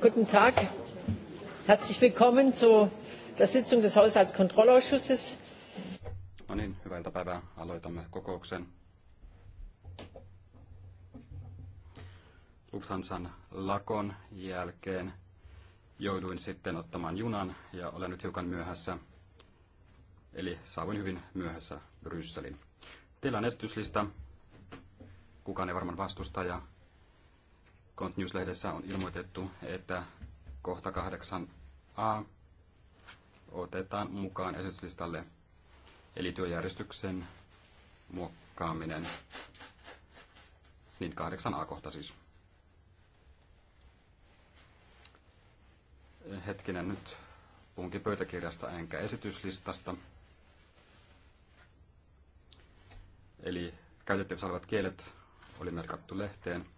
guten Tag. Herzlich willkommen zu der Sitzung des Haushaltskontrollausschusses. No niin, hyvää iltapäivää. Aloitamme kokouksen. Lufthansan lakon jälkeen jouduin sitten ottamaan junan ja olen nyt hiukan myöhässä. Eli saavuin hyvin myöhässä Brysselin. Teillä on esityslista. Kukaan ei varmaan vastusta ja Kont News-lehdessä on ilmoitettu, että kohta 8a otetaan mukaan esityslistalle, eli työjärjestyksen muokkaaminen, niin 8a kohta siis. Hetkinen nyt puhunkin pöytäkirjasta enkä esityslistasta. Eli käytettävissä olevat kielet oli merkattu lehteen.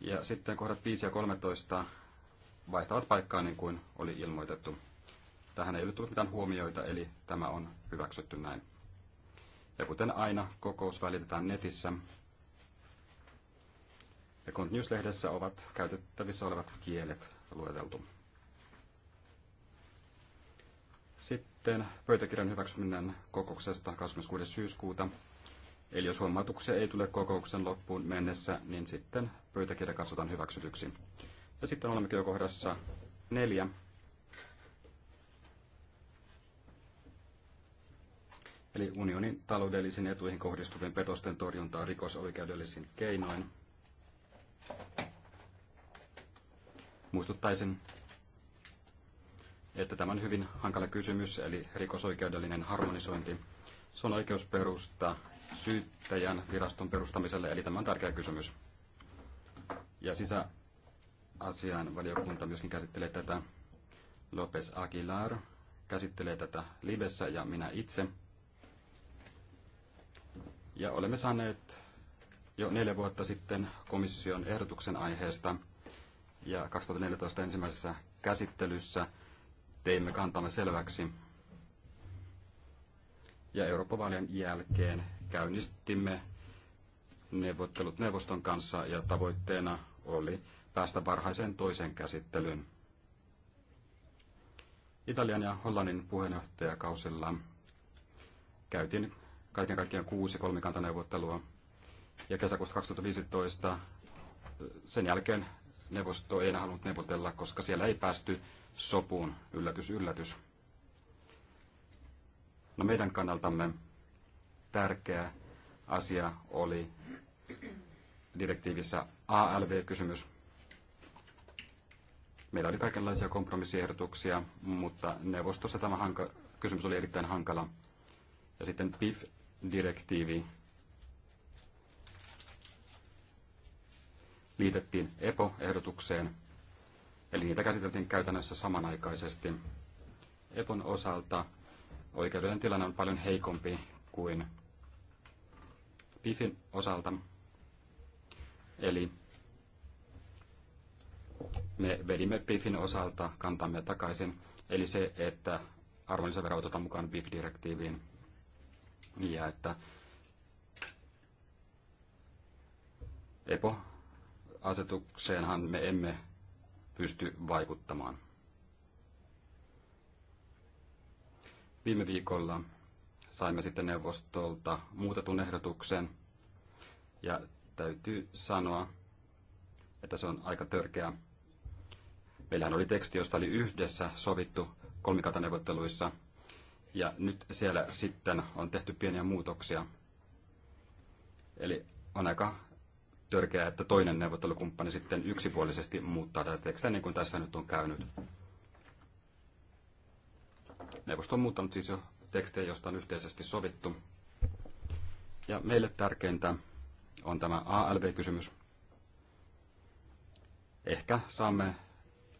Ja sitten kohdat 5 ja 13 vaihtavat paikkaa niin kuin oli ilmoitettu. Tähän ei ole tullut mitään huomioita, eli tämä on hyväksytty näin. Ja kuten aina, kokous välitetään netissä. Ja Continuous-lehdessä ovat käytettävissä olevat kielet lueteltu. Sitten pöytäkirjan hyväksyminen kokouksesta 26. syyskuuta Eli jos huomautuksia ei tule kokouksen loppuun mennessä, niin sitten pöytäkirja katsotaan hyväksytyksi. Ja sitten olemme jo kohdassa neljä. Eli unionin taloudellisiin etuihin kohdistuvien petosten torjuntaa rikosoikeudellisin keinoin. Muistuttaisin, että tämä on hyvin hankala kysymys, eli rikosoikeudellinen harmonisointi. Se on oikeusperusta, syyttäjän viraston perustamiselle, eli tämä on tärkeä kysymys. Ja sisäasian valiokunta myöskin käsittelee tätä. Lopes Aguilar käsittelee tätä livessä ja minä itse. Ja olemme saaneet jo neljä vuotta sitten komission ehdotuksen aiheesta. Ja 2014 ensimmäisessä käsittelyssä teimme kantamme selväksi, ja Eurooppa-vaalien jälkeen käynnistimme neuvottelut neuvoston kanssa ja tavoitteena oli päästä varhaiseen toiseen käsittelyyn. Italian ja Hollannin puheenjohtajakausilla käytiin kaiken kaikkiaan kuusi kolmikantaneuvottelua ja kesäkuussa 2015 sen jälkeen neuvosto ei enää halunnut neuvotella, koska siellä ei päästy sopuun, yllätys, yllätys. No meidän kannaltamme tärkeä asia oli direktiivissä ALV-kysymys. Meillä oli kaikenlaisia kompromissiehdotuksia, mutta neuvostossa tämä hanka- kysymys oli erittäin hankala. Ja sitten PIF-direktiivi liitettiin EPO-ehdotukseen, eli niitä käsiteltiin käytännössä samanaikaisesti. EPOn osalta oikeudellinen tilanne on paljon heikompi kuin PIFin osalta. Eli me vedimme PIFin osalta kantamme takaisin, eli se, että arvonlisävero otetaan mukaan PIF-direktiiviin ja että EPO-asetukseenhan me emme pysty vaikuttamaan. Viime viikolla saimme sitten neuvostolta muutetun ehdotuksen ja täytyy sanoa, että se on aika törkeä. Meillähän oli teksti, josta oli yhdessä sovittu kolmikantaneuvotteluissa ja nyt siellä sitten on tehty pieniä muutoksia. Eli on aika törkeää, että toinen neuvottelukumppani sitten yksipuolisesti muuttaa tätä tekstiä, niin kuin tässä nyt on käynyt. Neuvosto on muuttanut siis jo tekstejä, josta on yhteisesti sovittu. Ja meille tärkeintä on tämä ALV-kysymys. Ehkä saamme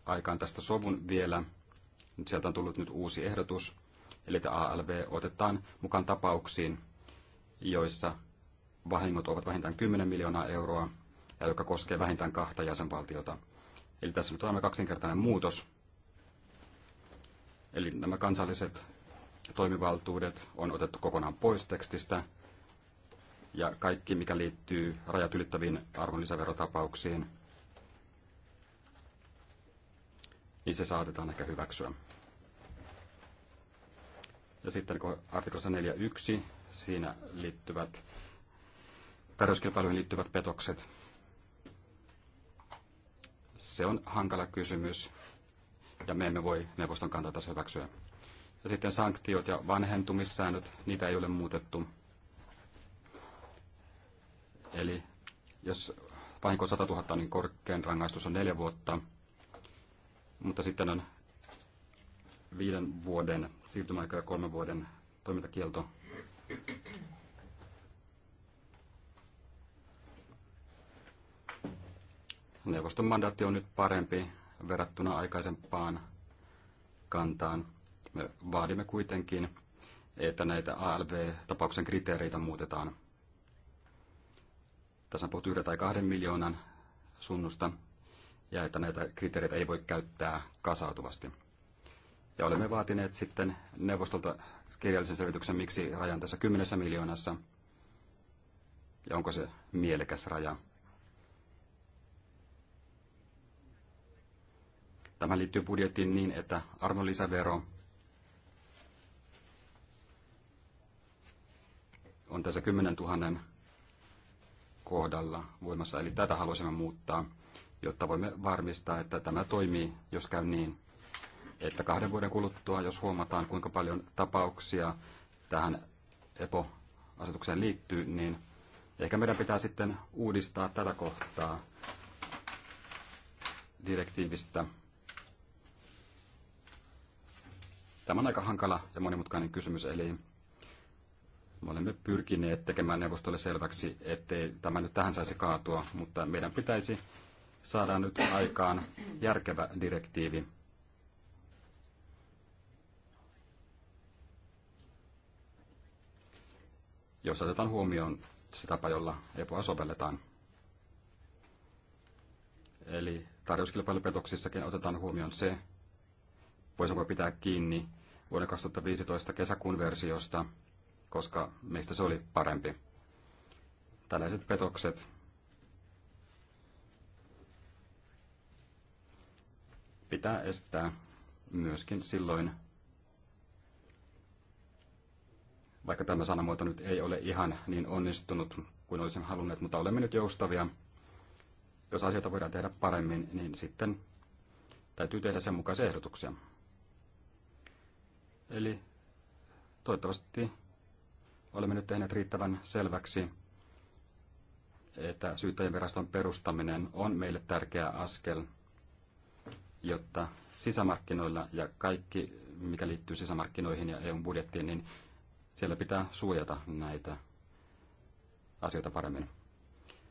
aikaan tästä sovun vielä. Nyt sieltä on tullut nyt uusi ehdotus, eli tämä ALV otetaan mukaan tapauksiin, joissa vahingot ovat vähintään 10 miljoonaa euroa ja joka koskee vähintään kahta jäsenvaltiota. Eli tässä nyt on kaksinkertainen muutos, Eli nämä kansalliset toimivaltuudet on otettu kokonaan pois tekstistä ja kaikki, mikä liittyy rajat ylittäviin arvonlisäverotapauksiin, niin se saatetaan ehkä hyväksyä. Ja sitten artiklassa 4.1, siinä liittyvät tarjouskilpailuihin liittyvät petokset. Se on hankala kysymys ja me emme voi neuvoston kantaa tässä hyväksyä. Ja sitten sanktiot ja vanhentumissäännöt, niitä ei ole muutettu. Eli jos vahinko on 100 000, niin korkein rangaistus on neljä vuotta, mutta sitten on viiden vuoden siirtymäaika ja kolmen vuoden toimintakielto. Neuvoston mandaatti on nyt parempi verrattuna aikaisempaan kantaan. Me vaadimme kuitenkin, että näitä ALV-tapauksen kriteereitä muutetaan. Tässä on puhuttu yhden tai kahden miljoonan sunnusta ja että näitä kriteereitä ei voi käyttää kasautuvasti. Ja olemme vaatineet sitten neuvostolta kirjallisen selvityksen, miksi rajan tässä 10 miljoonassa ja onko se mielekäs raja. Tämä liittyy budjettiin niin, että arvonlisävero on tässä 10 000 kohdalla voimassa. Eli tätä haluaisimme muuttaa, jotta voimme varmistaa, että tämä toimii, jos käy niin, että kahden vuoden kuluttua, jos huomataan, kuinka paljon tapauksia tähän EPO-asetukseen liittyy, niin ehkä meidän pitää sitten uudistaa tätä kohtaa direktiivistä Tämä on aika hankala ja monimutkainen kysymys, eli me olemme pyrkineet tekemään neuvostolle selväksi, ettei tämä nyt tähän saisi kaatua, mutta meidän pitäisi saada nyt aikaan järkevä direktiivi. jos otetaan huomioon se tapa, jolla EPOa sovelletaan. Eli tarjouskilpailupetoksissakin otetaan huomioon se, voisiko pitää kiinni vuoden 2015 kesäkuun versiosta, koska meistä se oli parempi. Tällaiset petokset pitää estää myöskin silloin, vaikka tämä sanamuoto nyt ei ole ihan niin onnistunut kuin olisin halunnut, mutta olemme nyt joustavia. Jos asioita voidaan tehdä paremmin, niin sitten täytyy tehdä sen mukaisia ehdotuksia. Eli toivottavasti olemme nyt tehneet riittävän selväksi, että syyttäjäviraston perustaminen on meille tärkeä askel, jotta sisämarkkinoilla ja kaikki, mikä liittyy sisämarkkinoihin ja EUn budjettiin, niin siellä pitää suojata näitä asioita paremmin.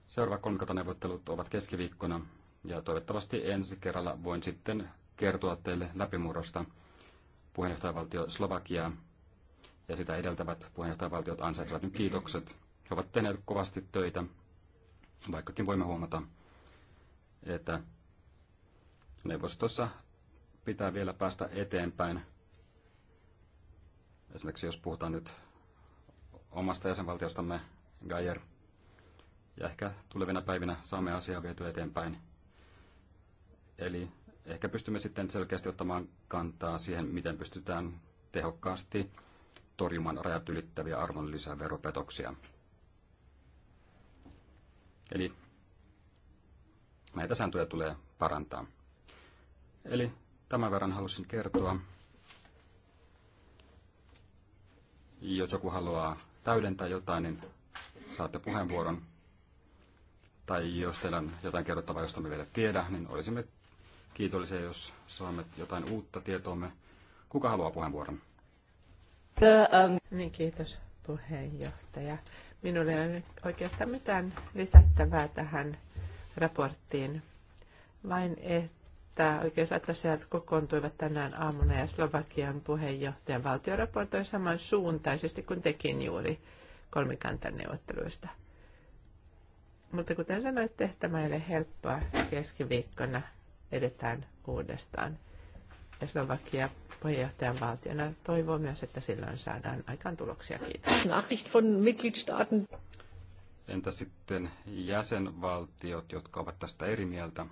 Seuraavat kolmikantaneuvottelut ovat keskiviikkona ja toivottavasti ensi kerralla voin sitten kertoa teille läpimurrosta puheenjohtajavaltio Slovakiaa ja sitä edeltävät puheenjohtajavaltiot ansaitsevat nyt kiitokset. He ovat tehneet kovasti töitä, vaikkakin voimme huomata, että neuvostossa pitää vielä päästä eteenpäin. Esimerkiksi jos puhutaan nyt omasta jäsenvaltiostamme, Gajer, ja ehkä tulevina päivinä saamme asiaa vietyä eteenpäin. Eli ehkä pystymme sitten selkeästi ottamaan kantaa siihen, miten pystytään tehokkaasti torjumaan rajat ylittäviä arvonlisäveropetoksia. Eli näitä sääntöjä tulee parantaa. Eli tämän verran halusin kertoa. Jos joku haluaa täydentää jotain, niin saatte puheenvuoron. Tai jos teillä on jotain kerrottavaa, josta me vielä tiedä, niin olisimme kiitollisia, jos saamme jotain uutta tietoamme. Kuka haluaa puheenvuoron? Um, niin, kiitos puheenjohtaja. Minulla ei ole oikeastaan mitään lisättävää tähän raporttiin, vain että oikeusattasijat kokoontuivat tänään aamuna ja Slovakian puheenjohtajan valtio raportoi samansuuntaisesti kuin tekin juuri kolmikantaneuvotteluista. Mutta kuten sanoitte, tämä ei ole helppoa keskiviikkona – edetään uudestaan. Ja Slovakia puheenjohtajan valtiona toivoo myös, että silloin saadaan aikaan tuloksia. Kiitos. Nachricht von Mitgliedstaaten. Entä sitten jäsenvaltiot, jotka ovat tästä eri mieltä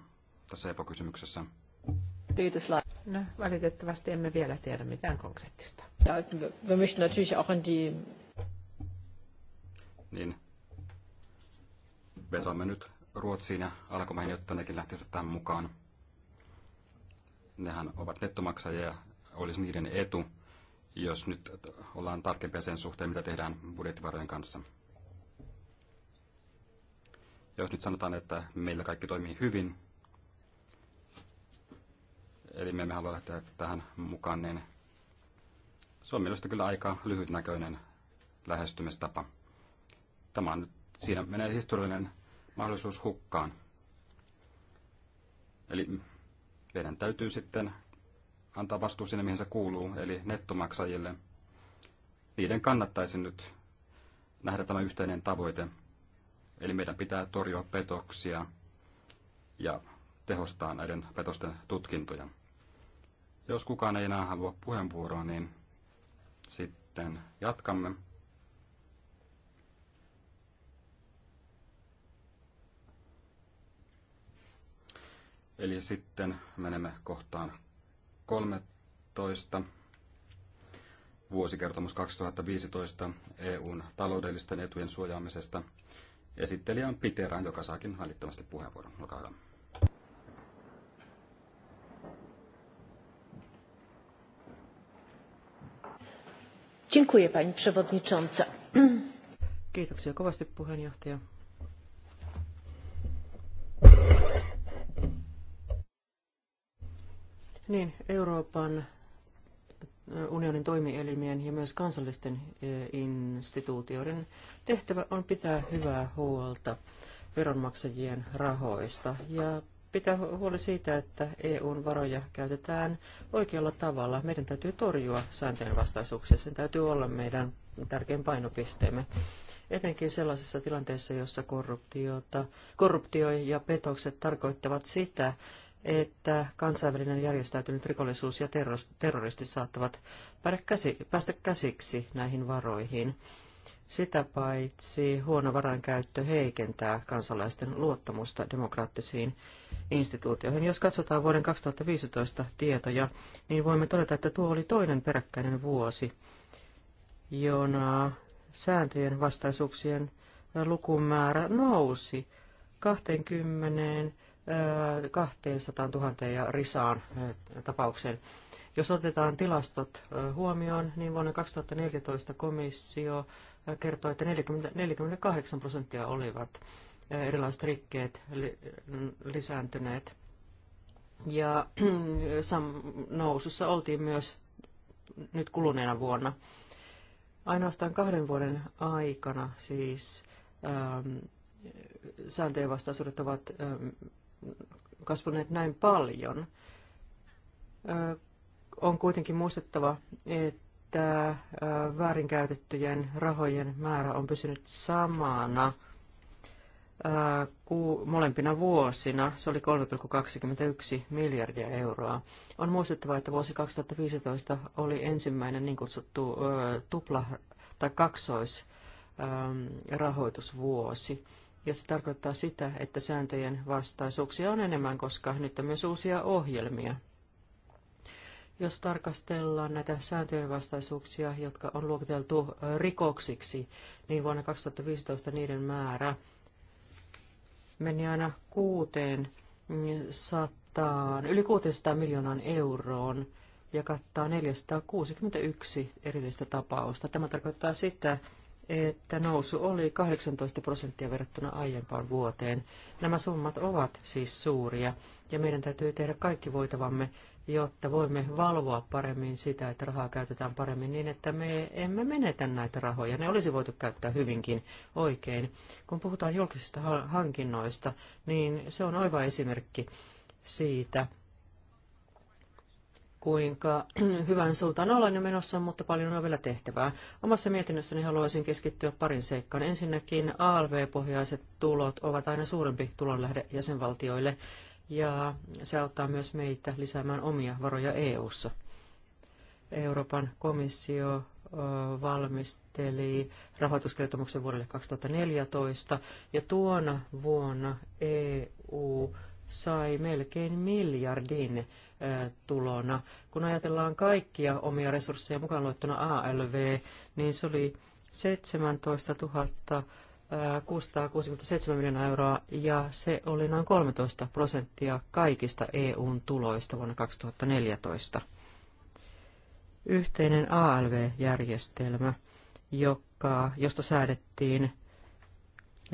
tässä epäkysymyksessä? No, valitettavasti emme vielä tiedä mitään konkreettista. Ja, wir möchten natürlich auch in die... Niin. Vetoamme nyt Ruotsiin ja Alkomaihin, jotta nekin lähtisivät tähän mukaan nehän ovat nettomaksajia ja olisi niiden etu, jos nyt ollaan tarkempia sen suhteen, mitä tehdään budjettivarojen kanssa. Jos nyt sanotaan, että meillä kaikki toimii hyvin, eli me emme halua lähteä tähän mukaan, niin se on mielestäni kyllä aika lyhytnäköinen lähestymistapa. Tämä on nyt, siinä menee historiallinen mahdollisuus hukkaan. Eli teidän täytyy sitten antaa vastuu sinne, mihin se kuuluu, eli nettomaksajille. Niiden kannattaisi nyt nähdä tämä yhteinen tavoite. Eli meidän pitää torjua petoksia ja tehostaa näiden petosten tutkintoja. Jos kukaan ei enää halua puheenvuoroa, niin sitten jatkamme. Eli sitten menemme kohtaan 13. Vuosikertomus 2015 EUn taloudellisten etujen suojaamisesta. Esittelijä on Piteran, joka saakin välittömästi puheenvuoron. Olkaa hyvä. Dziękuję pani przewodnicząca. Kiitoksia kovasti puheenjohtaja. Niin, Euroopan unionin toimielimien ja myös kansallisten instituutioiden tehtävä on pitää hyvää huolta veronmaksajien rahoista ja pitää huoli siitä, että EUn varoja käytetään oikealla tavalla. Meidän täytyy torjua sääntöjen vastaisuuksia. Sen täytyy olla meidän tärkein painopisteemme. Etenkin sellaisessa tilanteessa, jossa korruptiota, korruptio ja petokset tarkoittavat sitä, että kansainvälinen järjestäytynyt rikollisuus ja terroristit saattavat päästä käsiksi näihin varoihin. Sitä paitsi huono varainkäyttö heikentää kansalaisten luottamusta demokraattisiin instituutioihin. Jos katsotaan vuoden 2015 tietoja, niin voimme todeta, että tuo oli toinen peräkkäinen vuosi, jona sääntöjen vastaisuuksien lukumäärä nousi 20 200 000 ja risaan eh, tapauksen. Jos otetaan tilastot eh, huomioon, niin vuonna 2014 komissio eh, kertoi, että 40, 48 prosenttia olivat erilaiset rikkeet lisääntyneet. Ja nousussa oltiin myös nyt kuluneena vuonna. Ainoastaan kahden vuoden aikana siis ehm, sääntöjen vastaisuudet ovat ehm, kasvaneet näin paljon. On kuitenkin muistettava, että väärinkäytettyjen rahojen määrä on pysynyt samana molempina vuosina. Se oli 3,21 miljardia euroa. On muistettava, että vuosi 2015 oli ensimmäinen niin kutsuttu tupla- tai kaksoisrahoitusvuosi ja se tarkoittaa sitä, että sääntöjen vastaisuuksia on enemmän, koska nyt on myös uusia ohjelmia. Jos tarkastellaan näitä sääntöjen vastaisuuksia, jotka on luokiteltu rikoksiksi, niin vuonna 2015 niiden määrä meni aina kuuteen sataan, yli 600 miljoonan euroon ja kattaa 461 erillistä tapausta. Tämä tarkoittaa sitä, että nousu oli 18 prosenttia verrattuna aiempaan vuoteen. Nämä summat ovat siis suuria ja meidän täytyy tehdä kaikki voitavamme, jotta voimme valvoa paremmin sitä, että rahaa käytetään paremmin niin, että me emme menetä näitä rahoja. Ne olisi voitu käyttää hyvinkin oikein. Kun puhutaan julkisista hankinnoista, niin se on oiva esimerkki siitä, kuinka hyvän suuntaan ollaan jo menossa, mutta paljon on vielä tehtävää. Omassa mietinnössäni haluaisin keskittyä parin seikkaan. Ensinnäkin ALV-pohjaiset tulot ovat aina suurempi tulonlähde jäsenvaltioille, ja se auttaa myös meitä lisäämään omia varoja EU-ssa. Euroopan komissio valmisteli rahoituskertomuksen vuodelle 2014, ja tuona vuonna EU sai melkein miljardin tulona. Kun ajatellaan kaikkia omia resursseja mukaan luettuna ALV, niin se oli 17 667 miljoonaa euroa ja se oli noin 13 prosenttia kaikista EUn tuloista vuonna 2014. Yhteinen ALV-järjestelmä, joka, josta säädettiin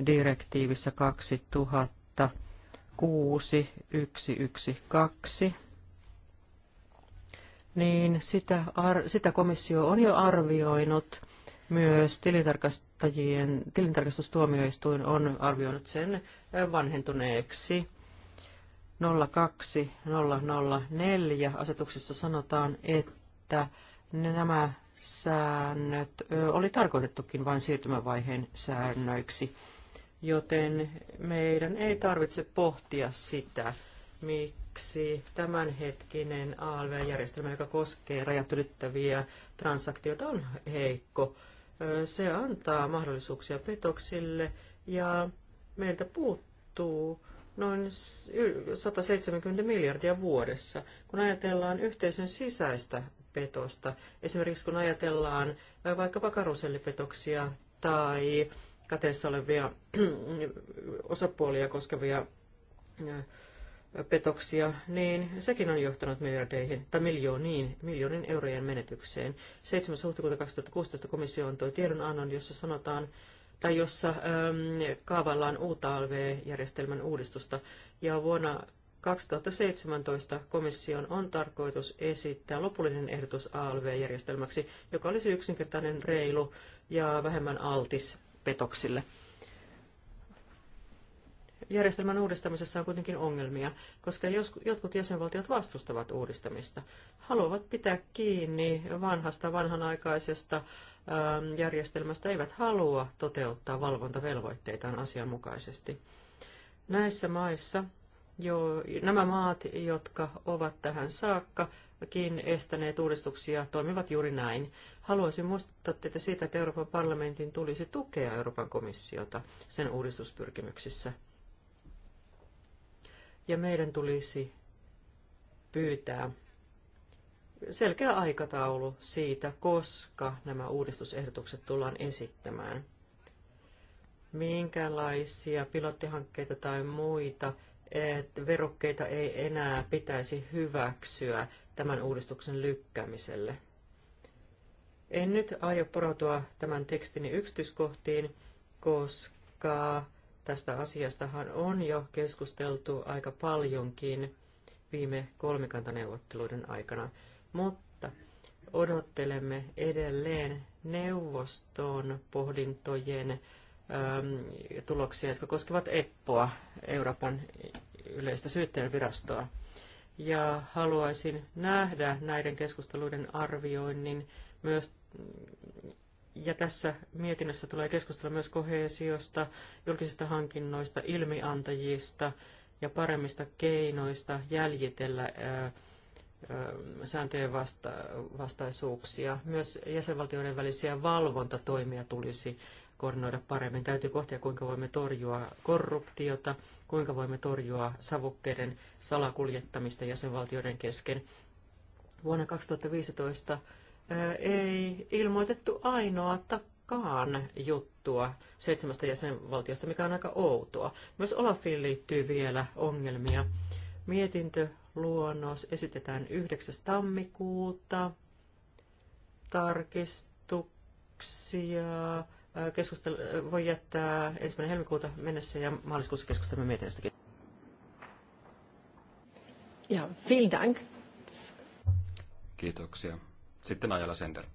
direktiivissä 2000 6112 niin sitä, sitä komissio on jo arvioinut. Myös tilintarkastajien, tilintarkastustuomioistuin on arvioinut sen vanhentuneeksi. 02004 asetuksessa sanotaan, että nämä säännöt oli tarkoitettukin vain siirtymävaiheen säännöiksi, joten meidän ei tarvitse pohtia sitä, mikä yksi tämänhetkinen ALV-järjestelmä, joka koskee rajat ylittäviä transaktioita, on heikko. Se antaa mahdollisuuksia petoksille ja meiltä puuttuu noin 170 miljardia vuodessa. Kun ajatellaan yhteisön sisäistä petosta, esimerkiksi kun ajatellaan vaikkapa karusellipetoksia tai kateessa olevia osapuolia koskevia petoksia, niin sekin on johtanut miljardeihin tai miljooniin, miljoonin eurojen menetykseen. 7. huhtikuuta 2016 komissio antoi tiedonannon, jossa sanotaan, tai jossa äm, kaavallaan uutta ALV-järjestelmän uudistusta. Ja vuonna 2017 komission on tarkoitus esittää lopullinen ehdotus ALV-järjestelmäksi, joka olisi yksinkertainen, reilu ja vähemmän altis petoksille järjestelmän uudistamisessa on kuitenkin ongelmia, koska jotkut jäsenvaltiot vastustavat uudistamista, haluavat pitää kiinni vanhasta vanhanaikaisesta ähm, järjestelmästä, eivät halua toteuttaa valvontavelvoitteitaan asianmukaisesti. Näissä maissa jo, nämä maat, jotka ovat tähän saakka kin estäneet uudistuksia, toimivat juuri näin. Haluaisin muistuttaa teitä siitä, että Euroopan parlamentin tulisi tukea Euroopan komissiota sen uudistuspyrkimyksissä ja meidän tulisi pyytää selkeä aikataulu siitä, koska nämä uudistusehdotukset tullaan esittämään. Minkälaisia pilottihankkeita tai muita että verokkeita ei enää pitäisi hyväksyä tämän uudistuksen lykkäämiselle. En nyt aio porautua tämän tekstini yksityiskohtiin, koska Tästä asiastahan on jo keskusteltu aika paljonkin viime kolmikantaneuvotteluiden aikana, mutta odottelemme edelleen neuvoston pohdintojen ähm, tuloksia, jotka koskevat EPPOa, Euroopan yleistä syyttäjänvirastoa. Ja haluaisin nähdä näiden keskusteluiden arvioinnin myös ja tässä mietinnössä tulee keskustella myös kohesiosta, julkisista hankinnoista, ilmiantajista ja paremmista keinoista jäljitellä sääntöjen vasta- vastaisuuksia. Myös jäsenvaltioiden välisiä valvontatoimia tulisi koordinoida paremmin. Täytyy pohtia, kuinka voimme torjua korruptiota, kuinka voimme torjua savukkeiden salakuljettamista jäsenvaltioiden kesken. Vuonna 2015 ei ilmoitettu ainoatakaan juttua seitsemästä jäsenvaltiosta, mikä on aika outoa. Myös Olafiin liittyy vielä ongelmia. Mietintöluonnos esitetään 9. tammikuuta. Tarkistuksia keskustel- voi jättää ensimmäinen helmikuuta mennessä ja maaliskuussa keskustelemme mietinnöstäkin. Ja, vielen Dank. Kiitoksia. Sitten Ajala Sender.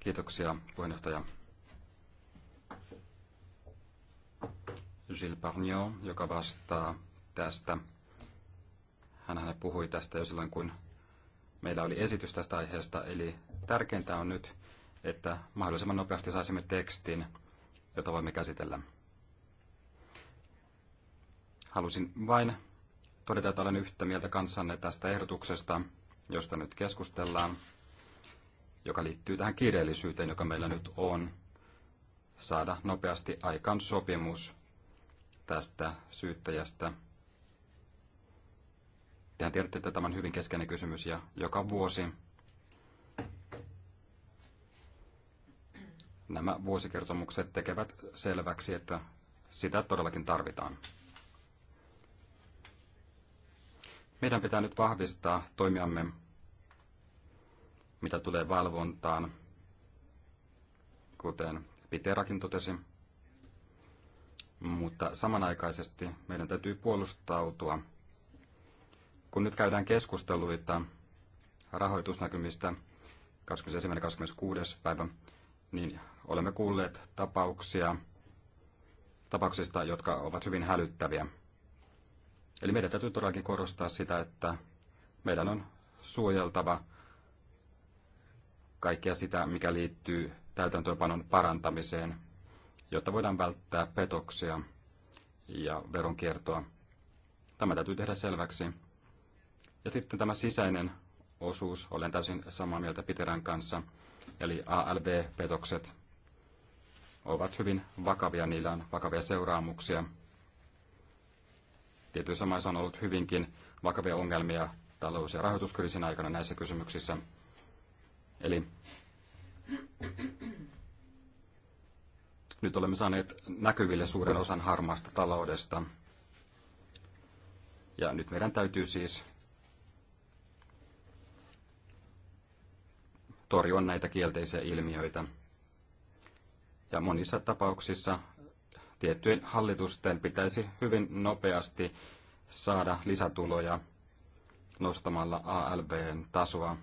Kiitoksia puheenjohtaja. Gilles Parnio, joka vastaa tästä. Hän puhui tästä jo silloin, kun meillä oli esitys tästä aiheesta. Eli tärkeintä on nyt, että mahdollisimman nopeasti saisimme tekstin, jota voimme käsitellä. Halusin vain todeta, että olen yhtä mieltä kanssanne tästä ehdotuksesta, josta nyt keskustellaan, joka liittyy tähän kiireellisyyteen, joka meillä nyt on, saada nopeasti aikaan sopimus tästä syyttäjästä. Tehän tiedätte, että tämä on hyvin keskeinen kysymys ja joka vuosi nämä vuosikertomukset tekevät selväksi, että sitä todellakin tarvitaan. Meidän pitää nyt vahvistaa toimiamme, mitä tulee valvontaan, kuten Piterakin totesi. Mutta samanaikaisesti meidän täytyy puolustautua. Kun nyt käydään keskusteluita rahoitusnäkymistä 21.–26. päivä, niin olemme kuulleet tapauksia, tapauksista, jotka ovat hyvin hälyttäviä. Eli meidän täytyy todellakin korostaa sitä, että meidän on suojeltava kaikkea sitä, mikä liittyy täytäntöönpanon parantamiseen, jotta voidaan välttää petoksia ja veronkiertoa. Tämä täytyy tehdä selväksi. Ja sitten tämä sisäinen osuus, olen täysin samaa mieltä Piterän kanssa, eli ALV-petokset ovat hyvin vakavia, niillä on vakavia seuraamuksia – Tietyissä maissa on ollut hyvinkin vakavia ongelmia talous- ja rahoituskriisin aikana näissä kysymyksissä. Eli nyt olemme saaneet näkyville suuren osan harmaasta taloudesta. Ja nyt meidän täytyy siis torjua näitä kielteisiä ilmiöitä. Ja monissa tapauksissa tiettyjen hallitusten pitäisi hyvin nopeasti saada lisätuloja nostamalla ALBn tasoa.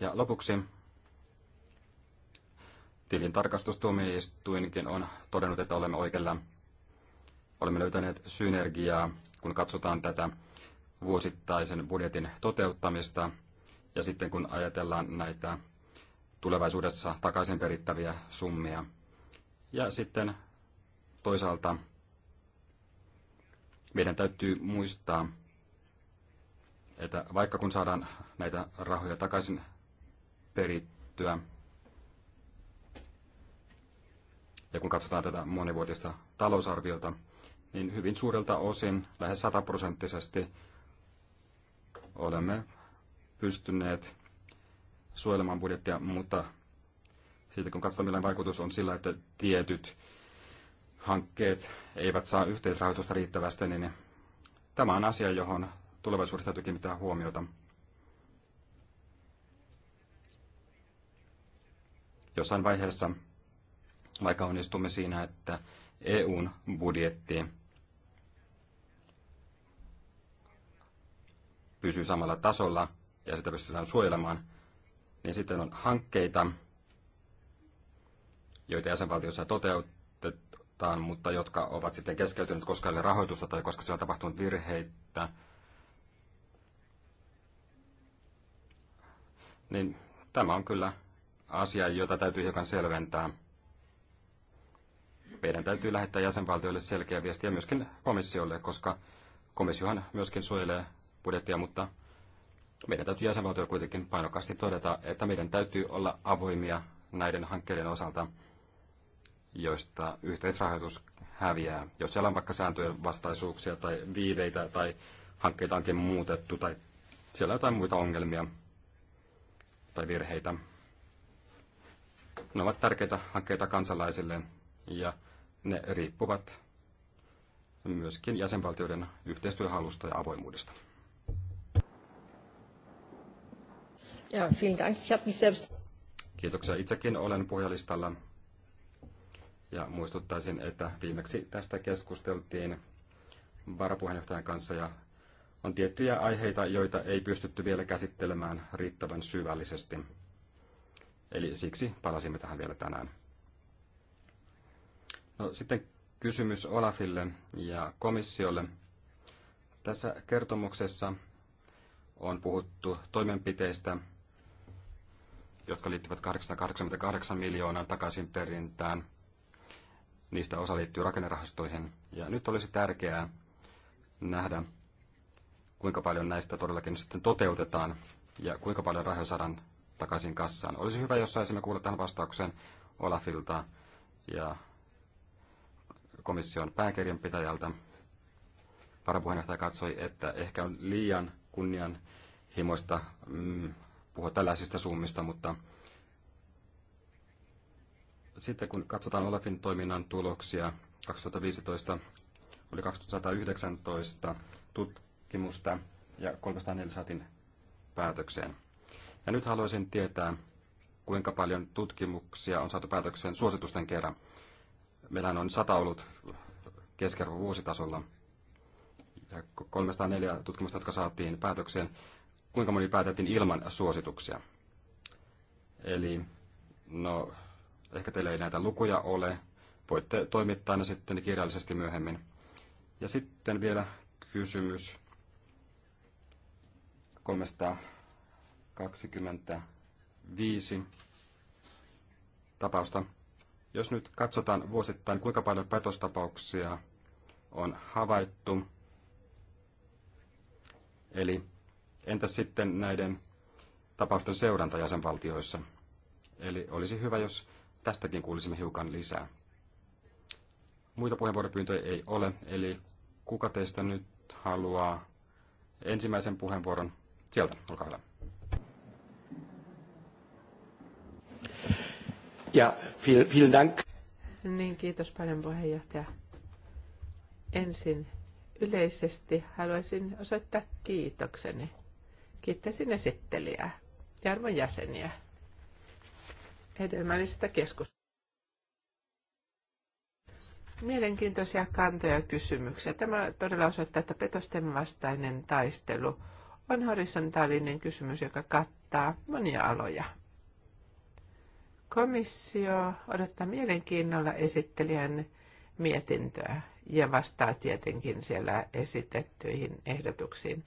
Ja lopuksi tilintarkastustuomioistuinkin on todennut, että olemme oikealla. Olemme löytäneet synergiaa, kun katsotaan tätä vuosittaisen budjetin toteuttamista ja sitten kun ajatellaan näitä tulevaisuudessa takaisin perittäviä summia – ja sitten toisaalta meidän täytyy muistaa, että vaikka kun saadaan näitä rahoja takaisin perittyä, ja kun katsotaan tätä monivuotista talousarviota, niin hyvin suurelta osin, lähes sataprosenttisesti, olemme pystyneet suojelemaan budjettia, mutta siitä kun katsotaan, millainen vaikutus on sillä, että tietyt hankkeet eivät saa yhteisrahoitusta riittävästi, niin tämä on asia, johon tulevaisuudessa täytyy kiinnittää huomiota. Jossain vaiheessa, vaikka onnistumme siinä, että EUn budjetti pysyy samalla tasolla ja sitä pystytään suojelemaan, niin sitten on hankkeita, joita jäsenvaltiossa toteutetaan, mutta jotka ovat sitten keskeytyneet, koska ei ole rahoitusta tai koska siellä on tapahtunut virheitä, niin tämä on kyllä asia, jota täytyy hiukan selventää. Meidän täytyy lähettää jäsenvaltioille selkeä viesti ja myöskin komissiolle, koska komissiohan myöskin suojelee budjettia, mutta meidän täytyy jäsenvaltioille kuitenkin painokkaasti todeta, että meidän täytyy olla avoimia näiden hankkeiden osalta joista yhteisrahoitus häviää. Jos siellä on vaikka sääntöjen vastaisuuksia tai viiveitä tai hankkeita onkin muutettu tai siellä on jotain muita ongelmia tai virheitä. Ne ovat tärkeitä hankkeita kansalaisille ja ne riippuvat myöskin jäsenvaltioiden yhteistyöhalusta ja avoimuudesta. Ja, vielen Dank. Ich mich selbst... Kiitoksia. Itsekin olen puhujalistalla. Ja muistuttaisin, että viimeksi tästä keskusteltiin varapuheenjohtajan kanssa ja on tiettyjä aiheita, joita ei pystytty vielä käsittelemään riittävän syvällisesti. Eli siksi palasimme tähän vielä tänään. No, sitten kysymys Olafille ja komissiolle. Tässä kertomuksessa on puhuttu toimenpiteistä, jotka liittyvät 888 miljoonaan takaisin perintään – niistä osa liittyy rakennerahastoihin. Ja nyt olisi tärkeää nähdä, kuinka paljon näistä todellakin sitten toteutetaan ja kuinka paljon rahoja saadaan takaisin kassaan. Olisi hyvä, jos saisimme kuulla tähän vastauksen Olafilta ja komission pääkirjanpitäjältä. Varapuheenjohtaja katsoi, että ehkä on liian kunnianhimoista mm, puhua tällaisista summista, mutta sitten kun katsotaan Olafin toiminnan tuloksia 2015, oli 2019 tutkimusta ja 304 saatiin päätökseen. Ja nyt haluaisin tietää, kuinka paljon tutkimuksia on saatu päätökseen suositusten kerran. Meillähän on sata ollut keskiarvo vuositasolla ja 304 tutkimusta, jotka saatiin päätökseen. Kuinka moni päätettiin ilman suosituksia? Eli no, Ehkä teillä ei näitä lukuja ole. Voitte toimittaa ne sitten kirjallisesti myöhemmin. Ja sitten vielä kysymys 325 tapausta. Jos nyt katsotaan vuosittain, kuinka paljon petostapauksia on havaittu, eli entä sitten näiden tapausten seuranta jäsenvaltioissa? Eli olisi hyvä, jos tästäkin kuulisimme hiukan lisää. Muita puheenvuoropyyntöjä ei ole, eli kuka teistä nyt haluaa ensimmäisen puheenvuoron? Sieltä, olkaa hyvä. Ja, viel, vielen dank. Niin, kiitos paljon puheenjohtaja. Ensin yleisesti haluaisin osoittaa kiitokseni. Kiittäisin esittelijää ja arvon jäseniä hedelmällisestä keskustelusta. Mielenkiintoisia kantoja ja kysymyksiä. Tämä todella osoittaa, että petosten vastainen taistelu on horisontaalinen kysymys, joka kattaa monia aloja. Komissio odottaa mielenkiinnolla esittelijän mietintöä ja vastaa tietenkin siellä esitettyihin ehdotuksiin.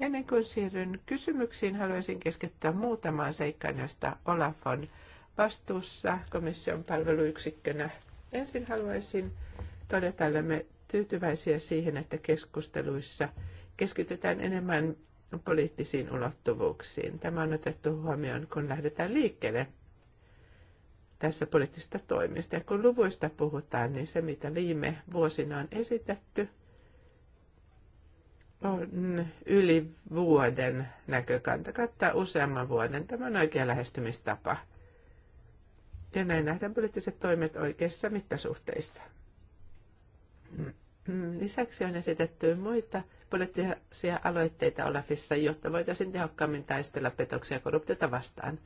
Ennen kuin siirryn kysymyksiin, haluaisin keskittyä muutamaan seikkaan, josta Olaf on vastuussa komission palveluyksikkönä. Ensin haluaisin todeta, että tyytyväisiä siihen, että keskusteluissa keskitytään enemmän poliittisiin ulottuvuuksiin. Tämä on otettu huomioon, kun lähdetään liikkeelle tässä poliittisista toimista. Ja kun luvuista puhutaan, niin se mitä viime vuosina on esitetty, on yli vuoden näkökanta, kattaa useamman vuoden. Tämä on oikea lähestymistapa. Ja näin nähdään poliittiset toimet oikeissa mittasuhteissa. Mm, lisäksi on esitetty muita poliittisia aloitteita Olafissa, jotta voitaisiin tehokkaammin taistella petoksia korruptiota vastaan,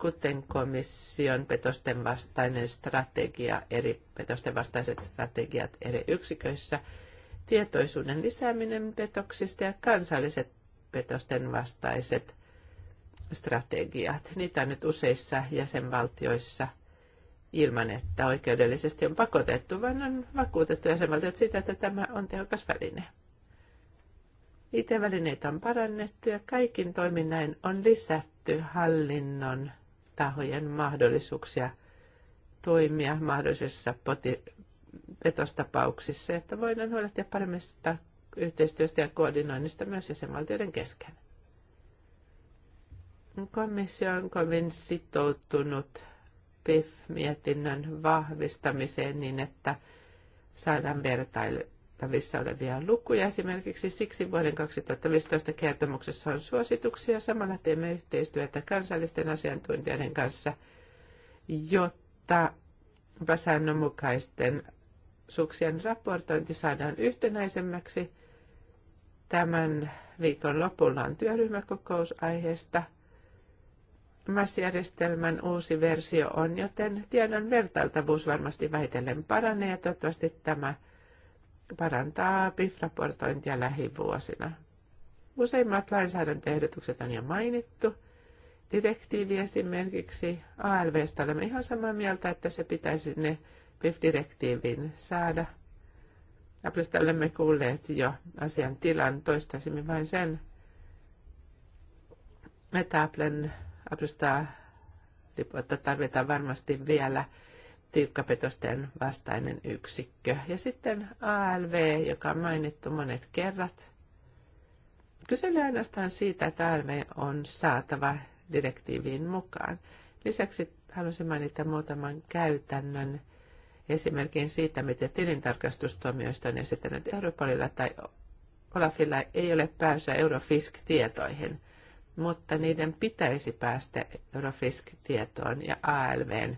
kuten komission petosten vastainen strategia, eri petosten vastaiset strategiat eri yksiköissä, tietoisuuden lisääminen petoksista ja kansalliset petosten vastaiset strategiat. Niitä on nyt useissa jäsenvaltioissa ilman, että oikeudellisesti on pakotettu, vaan on vakuutettu jäsenvaltiot sitä, että tämä on tehokas väline. IT-välineitä on parannettu ja kaikin toiminnan on lisätty hallinnon tahojen mahdollisuuksia toimia mahdollisissa poti- petostapauksissa, että voidaan huolehtia paremmista yhteistyöstä ja koordinoinnista myös jäsenvaltioiden kesken. Komissio on kovin sitoutunut PIF-mietinnön vahvistamiseen niin, että saadaan vertailtavissa olevia lukuja. Esimerkiksi siksi vuoden 2015 kertomuksessa on suosituksia. Samalla teemme yhteistyötä kansallisten asiantuntijoiden kanssa, jotta säännönmukaisten suksien raportointi saadaan yhtenäisemmäksi. Tämän viikon lopulla on työryhmäkokous aiheesta – MAS-järjestelmän uusi versio on, joten tiedon vertailtavuus varmasti vähitellen paranee ja toivottavasti tämä parantaa PIF-raportointia lähivuosina. Useimmat lainsäädäntöehdotukset on jo mainittu. Direktiivi esimerkiksi ALVstä olemme ihan samaa mieltä, että se pitäisi ne PIF-direktiivin saada. Applesta olemme kuulleet jo asian tilan, toistaisimme vain sen, että Applen alustaa lipuotta tarvitaan varmasti vielä tiukkapetosten vastainen yksikkö. Ja sitten ALV, joka on mainittu monet kerrat. Kysely ainoastaan siitä, että ALV on saatava direktiiviin mukaan. Lisäksi halusin mainita muutaman käytännön esimerkin siitä, miten tilintarkastustuomioista on esittänyt Europolilla tai Olafilla ei ole pääsyä Eurofisk-tietoihin – mutta niiden pitäisi päästä Eurofisk-tietoon ja ALVn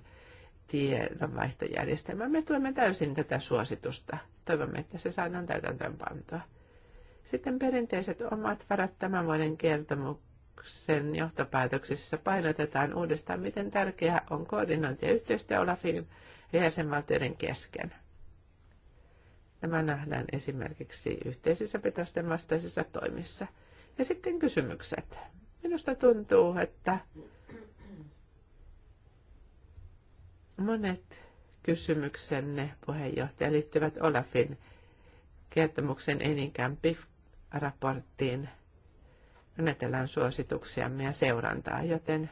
tiedonvaihtojärjestelmään. Me tuemme täysin tätä suositusta. Toivomme, että se saadaan täytäntöönpantoa. Sitten perinteiset omat varat tämän vuoden kertomuksen johtopäätöksissä painotetaan uudestaan, miten tärkeää on koordinointi ja yhteistyö Olafin ja jäsenvaltioiden kesken. Tämä nähdään esimerkiksi yhteisissä petosten vastaisissa toimissa. Ja sitten kysymykset. Minusta tuntuu, että monet kysymyksenne puheenjohtaja liittyvät Olafin kertomuksen eninkään PIF-raporttiin. Menetellään suosituksiamme ja seurantaa, joten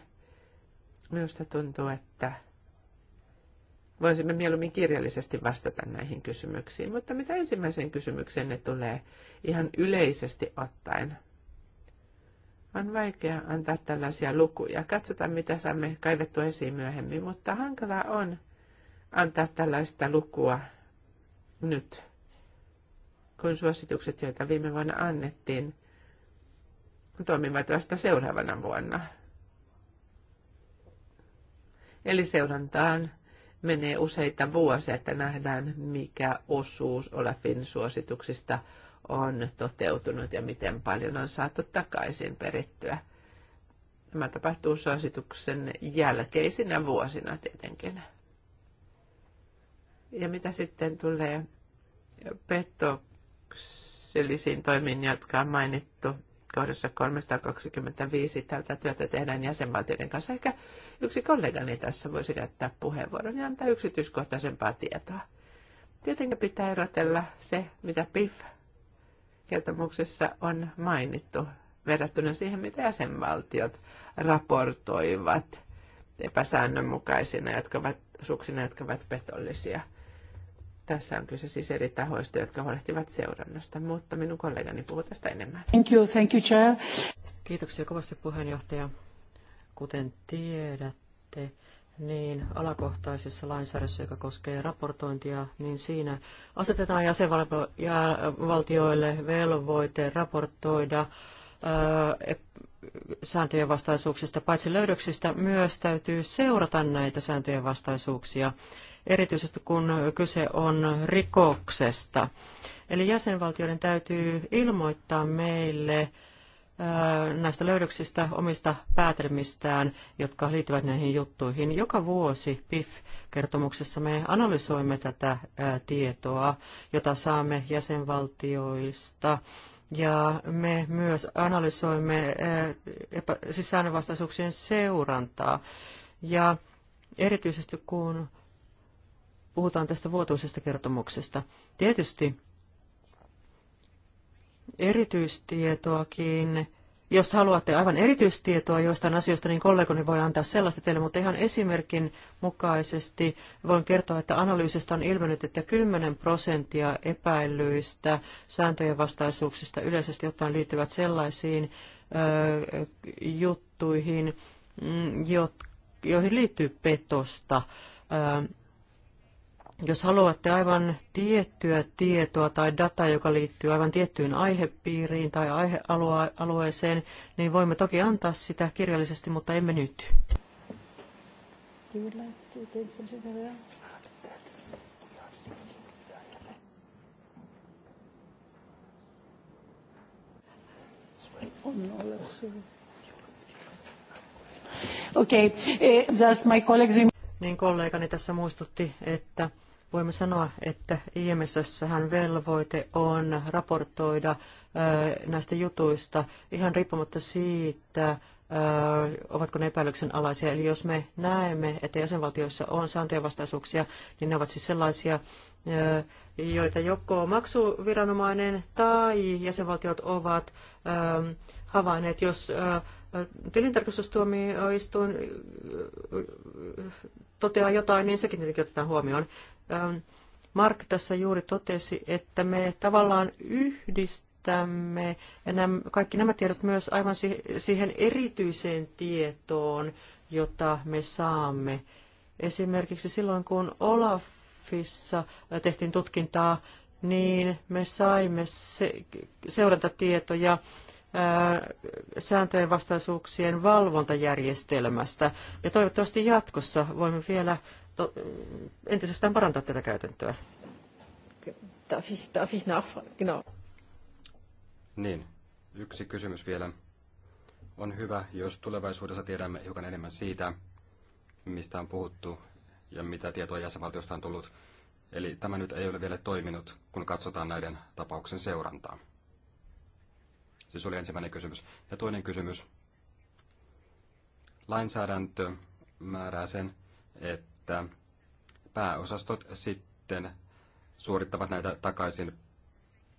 minusta tuntuu, että voisimme mieluummin kirjallisesti vastata näihin kysymyksiin. Mutta mitä ensimmäisen kysymyksenne tulee ihan yleisesti ottaen – on vaikea antaa tällaisia lukuja. Katsotaan, mitä saamme kaivettua esiin myöhemmin, mutta hankalaa on antaa tällaista lukua nyt, kun suositukset, joita viime vuonna annettiin, toimivat vasta seuraavana vuonna. Eli seurantaan menee useita vuosia, että nähdään, mikä osuus Olafin suosituksista – on toteutunut ja miten paljon on saatu takaisin perittyä. Tämä tapahtuu suosituksen jälkeisinä vuosina tietenkin. Ja mitä sitten tulee petoksellisiin toimiin, jotka on mainittu kohdassa 325 tältä työtä tehdään jäsenvaltioiden kanssa. Ehkä yksi kollegani tässä voisi käyttää puheenvuoron ja antaa yksityiskohtaisempaa tietoa. Tietenkin pitää erotella se, mitä PIF kertomuksessa on mainittu verrattuna siihen, mitä jäsenvaltiot raportoivat epäsäännönmukaisina, jotka ovat, suksina, jotka ovat petollisia. Tässä on kyse siis eri tahoista, jotka huolehtivat seurannasta, mutta minun kollegani puhuu tästä enemmän. Thank you, thank you, Chair. Kiitoksia kovasti puheenjohtaja. Kuten tiedätte, niin alakohtaisessa lainsäädännössä, joka koskee raportointia, niin siinä asetetaan jäsenvaltioille velvoite raportoida sääntöjen vastaisuuksista. Paitsi löydöksistä myös täytyy seurata näitä sääntöjen vastaisuuksia, erityisesti kun kyse on rikoksesta. Eli jäsenvaltioiden täytyy ilmoittaa meille näistä löydöksistä, omista päätelmistään, jotka liittyvät näihin juttuihin. Joka vuosi PIF-kertomuksessa me analysoimme tätä tietoa, jota saamme jäsenvaltioista. Ja me myös analysoimme epä, siis säännönvastaisuuksien seurantaa. Ja erityisesti kun puhutaan tästä vuotuisesta kertomuksesta, tietysti erityistietoakin. Jos haluatte aivan erityistietoa joistain asioista, niin kollegoni voi antaa sellaista teille, mutta ihan esimerkin mukaisesti voin kertoa, että analyysistä on ilmennyt, että 10 prosenttia epäilyistä sääntöjen vastaisuuksista yleisesti ottaen liittyvät sellaisiin ö, juttuihin, mm, jo, joihin liittyy petosta. Jos haluatte aivan tiettyä tietoa tai dataa, joka liittyy aivan tiettyyn aihepiiriin tai aihealueeseen, niin voimme toki antaa sitä kirjallisesti, mutta emme nyt. Okay, eh, just my colleagues... Niin kollegani tässä muistutti, että voimme sanoa, että hän velvoite on raportoida näistä jutuista ihan riippumatta siitä, ovatko ne epäilyksen alaisia. Eli jos me näemme, että jäsenvaltioissa on sääntöjenvastaisuuksia, niin ne ovat siis sellaisia, joita joko maksuviranomainen tai jäsenvaltiot ovat havainneet, jos tilintarkastustuomioistuin toteaa jotain, niin sekin tietenkin otetaan huomioon. Ähm, Mark tässä juuri totesi, että me tavallaan yhdistämme kaikki nämä tiedot myös aivan siihen erityiseen tietoon, jota me saamme. Esimerkiksi silloin, kun Olafissa tehtiin tutkintaa, niin me saimme se, seurantatietoja äh, sääntöjen vastaisuuksien valvontajärjestelmästä. Ja toivottavasti jatkossa voimme vielä to, entisestään parantaa tätä käytäntöä. Darf ich, darf ich genau. Niin, yksi kysymys vielä. On hyvä, jos tulevaisuudessa tiedämme hiukan enemmän siitä, mistä on puhuttu ja mitä tietoa jäsenvaltiosta on tullut. Eli tämä nyt ei ole vielä toiminut, kun katsotaan näiden tapauksen seurantaa. Siis oli ensimmäinen kysymys. Ja toinen kysymys. Lainsäädäntö määrää sen, että että pääosastot sitten suorittavat näitä takaisin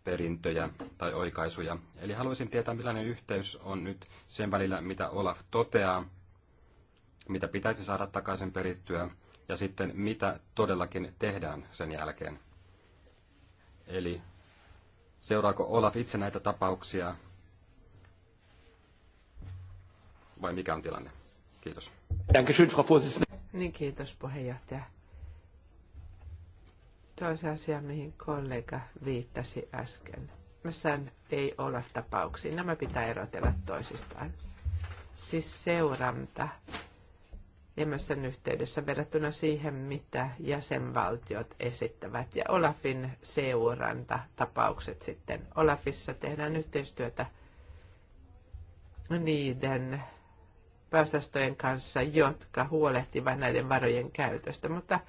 perintöjä tai oikaisuja. Eli haluaisin tietää, millainen yhteys on nyt sen välillä, mitä Olaf toteaa, mitä pitäisi saada takaisin perittyä, ja sitten mitä todellakin tehdään sen jälkeen. Eli seuraako Olaf itse näitä tapauksia, vai mikä on tilanne? Kiitos. Dankeschön, Frau niin kiitos puheenjohtaja. Toisa asia, mihin kollega viittasi äsken. Mässään ei ole tapauksia, Nämä pitää erotella toisistaan. Siis seuranta Jämässän yhteydessä verrattuna siihen, mitä jäsenvaltiot esittävät. Ja Olafin seuranta tapaukset sitten. Olafissa tehdään yhteistyötä niiden päästöjen kanssa, jotka huolehtivat näiden varojen käytöstä, mutta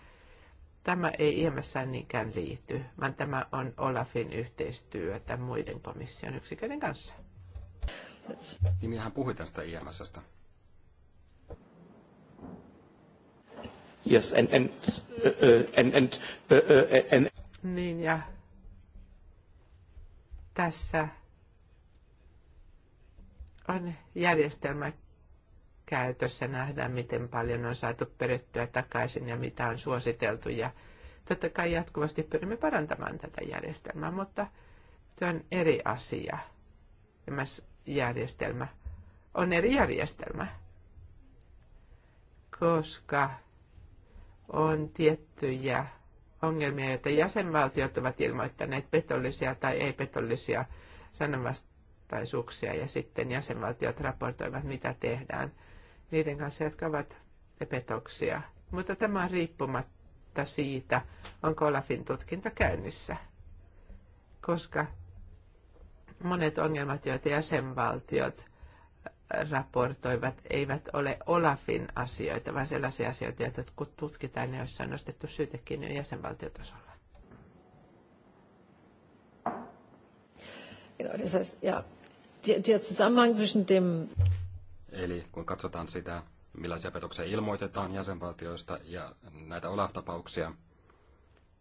tämä ei IMSään niinkään liity, vaan tämä on Olafin yhteistyötä muiden komission yksiköiden kanssa. Nimihän puhui tästä IMSstä. Yes, and, and, uh, uh and, and, uh, uh, uh, and... Niin ja tässä on järjestelmä käytössä nähdään, miten paljon on saatu perettyä takaisin ja mitä on suositeltu. Ja totta kai jatkuvasti pyrimme parantamaan tätä järjestelmää, mutta se on eri asia. Tämä järjestelmä on eri järjestelmä, koska on tiettyjä ongelmia, joita jäsenvaltiot ovat ilmoittaneet petollisia tai ei-petollisia sanomasta ja sitten jäsenvaltiot raportoivat, mitä tehdään – niiden kanssa, jotka ovat petoksia. Mutta tämä on riippumatta siitä, onko Olafin tutkinta käynnissä, koska monet ongelmat, joita jäsenvaltiot raportoivat, eivät ole Olafin asioita, vaan sellaisia asioita, joita tutkitaan ja joissa on nostettu syytekin jo jäsenvaltiotasolla. Genau, das heißt, ja, der, der Zusammenhang zwischen dem Eli kun katsotaan sitä, millaisia petoksia ilmoitetaan jäsenvaltioista ja näitä Olaf-tapauksia.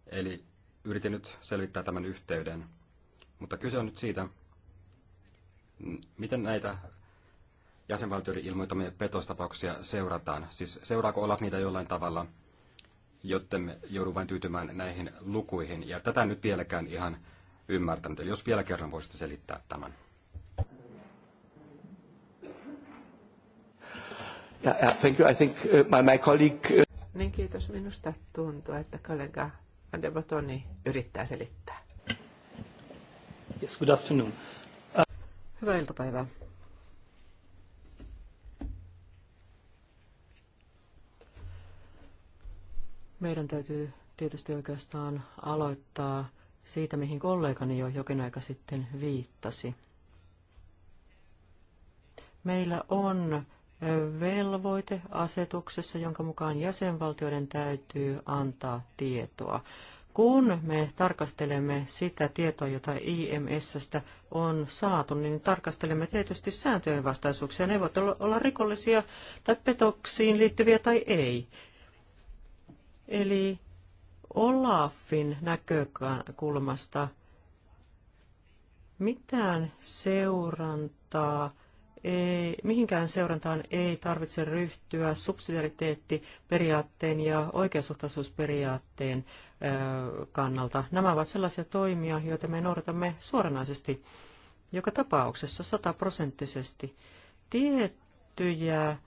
Eli yritin nyt selvittää tämän yhteyden. Mutta kyse on nyt siitä, miten näitä jäsenvaltioiden ilmoittamia petostapauksia seurataan. Siis seuraako Olaf niitä jollain tavalla, jotta me joudu vain tyytymään näihin lukuihin. Ja tätä nyt vieläkään ihan ymmärtänyt. Eli jos vielä kerran voisitte selittää tämän. Yeah, thank you. I think uh, my, my colleague... Uh, niin kiitos. Minusta tuntuu, että kollega Andebotoni yrittää selittää. Yes, good afternoon. Uh... Hyvää iltapäivää. Meidän täytyy tietysti oikeastaan aloittaa siitä, mihin kollegani jo jokin aika sitten viittasi. Meillä on velvoite asetuksessa, jonka mukaan jäsenvaltioiden täytyy antaa tietoa. Kun me tarkastelemme sitä tietoa, jota IMSstä on saatu, niin tarkastelemme tietysti sääntöjen vastaisuuksia. Ne voivat olla rikollisia tai petoksiin liittyviä tai ei. Eli Olafin näkökulmasta mitään seurantaa ei, mihinkään seurantaan ei tarvitse ryhtyä subsidiariteettiperiaatteen ja oikeasuhtaisuusperiaatteen kannalta. Nämä ovat sellaisia toimia, joita me noudatamme suoranaisesti, joka tapauksessa sataprosenttisesti. Tiettyjä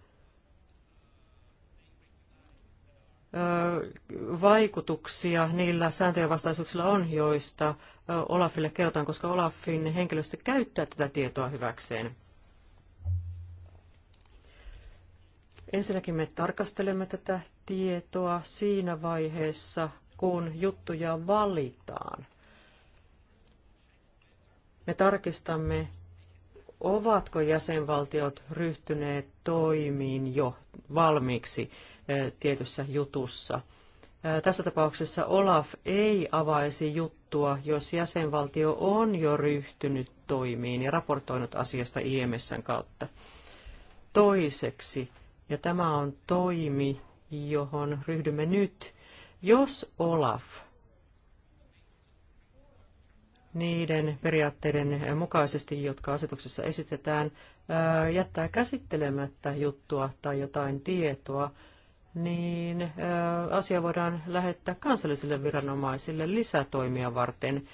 vaikutuksia niillä sääntöjen vastaisuuksilla on, joista Olafille kerrotaan, koska Olafin henkilöstö käyttää tätä tietoa hyväkseen. Ensinnäkin me tarkastelemme tätä tietoa siinä vaiheessa, kun juttuja valitaan. Me tarkistamme, ovatko jäsenvaltiot ryhtyneet toimiin jo valmiiksi eh, tietyssä jutussa. Eh, tässä tapauksessa Olaf ei avaisi juttua, jos jäsenvaltio on jo ryhtynyt toimiin ja raportoinut asiasta IMSn kautta. Toiseksi ja tämä on toimi, johon ryhdymme nyt. Jos Olaf niiden periaatteiden mukaisesti, jotka asetuksessa esitetään, jättää käsittelemättä juttua tai jotain tietoa, niin asia voidaan lähettää kansallisille viranomaisille lisätoimia varten.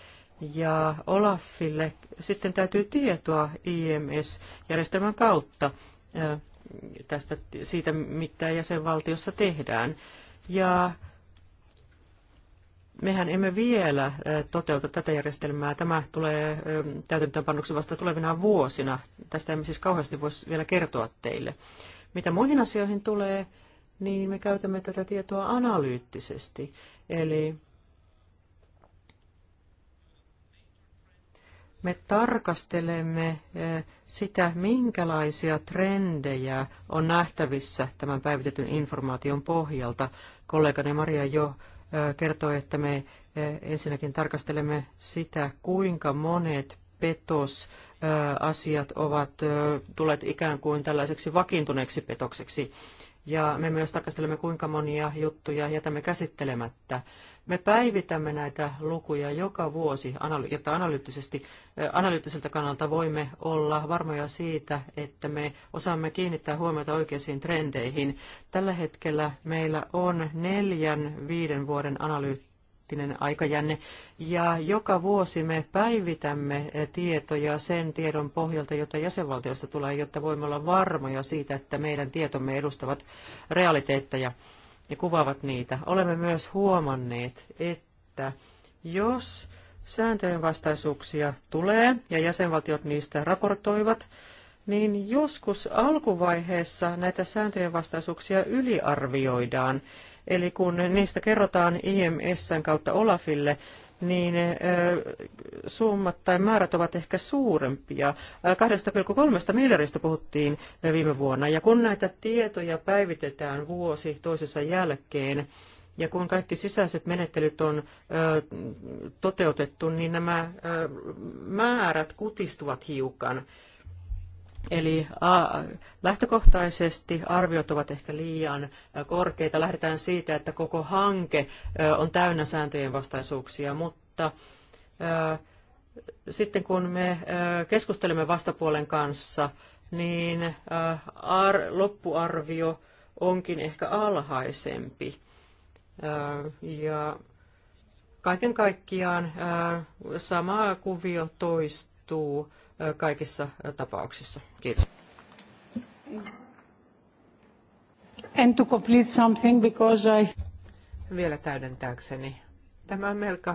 Ja Olafille sitten täytyy tietoa IMS-järjestelmän kautta tästä, siitä, mitä jäsenvaltiossa tehdään. Ja mehän emme vielä toteuta tätä järjestelmää. Tämä tulee täytäntöönpannuksi vasta tulevina vuosina. Tästä emme siis kauheasti voisi vielä kertoa teille. Mitä muihin asioihin tulee, niin me käytämme tätä tietoa analyyttisesti. Eli me tarkastelemme eh, sitä, minkälaisia trendejä on nähtävissä tämän päivitetyn informaation pohjalta. Kollegani Maria jo eh, kertoi, että me eh, ensinnäkin tarkastelemme sitä, kuinka monet petos asiat ovat tulleet ikään kuin tällaiseksi vakiintuneeksi petokseksi. Ja me myös tarkastelemme, kuinka monia juttuja jätämme käsittelemättä. Me päivitämme näitä lukuja joka vuosi, jotta analyyttisesti, analyyttiseltä kannalta voimme olla varmoja siitä, että me osaamme kiinnittää huomiota oikeisiin trendeihin. Tällä hetkellä meillä on neljän, viiden vuoden analyytti aikajänne. Ja joka vuosi me päivitämme tietoja sen tiedon pohjalta, jota jäsenvaltiosta tulee, jotta voimme olla varmoja siitä, että meidän tietomme edustavat realiteetteja ja kuvaavat niitä. Olemme myös huomanneet, että jos sääntöjen vastaisuuksia tulee ja jäsenvaltiot niistä raportoivat, niin joskus alkuvaiheessa näitä sääntöjen vastaisuuksia yliarvioidaan. Eli kun niistä kerrotaan IMSn kautta Olafille, niin summat tai määrät ovat ehkä suurempia. 2,3 miljardista puhuttiin viime vuonna, ja kun näitä tietoja päivitetään vuosi toisessa jälkeen, ja kun kaikki sisäiset menettelyt on toteutettu, niin nämä määrät kutistuvat hiukan. Eli lähtökohtaisesti arviot ovat ehkä liian korkeita. Lähdetään siitä, että koko hanke on täynnä sääntöjen vastaisuuksia, mutta sitten kun me keskustelemme vastapuolen kanssa, niin loppuarvio onkin ehkä alhaisempi. Ja kaiken kaikkiaan sama kuvio toistuu kaikissa tapauksissa. Kiitos. And to complete something because I... Vielä täydentääkseni. Tämä on melko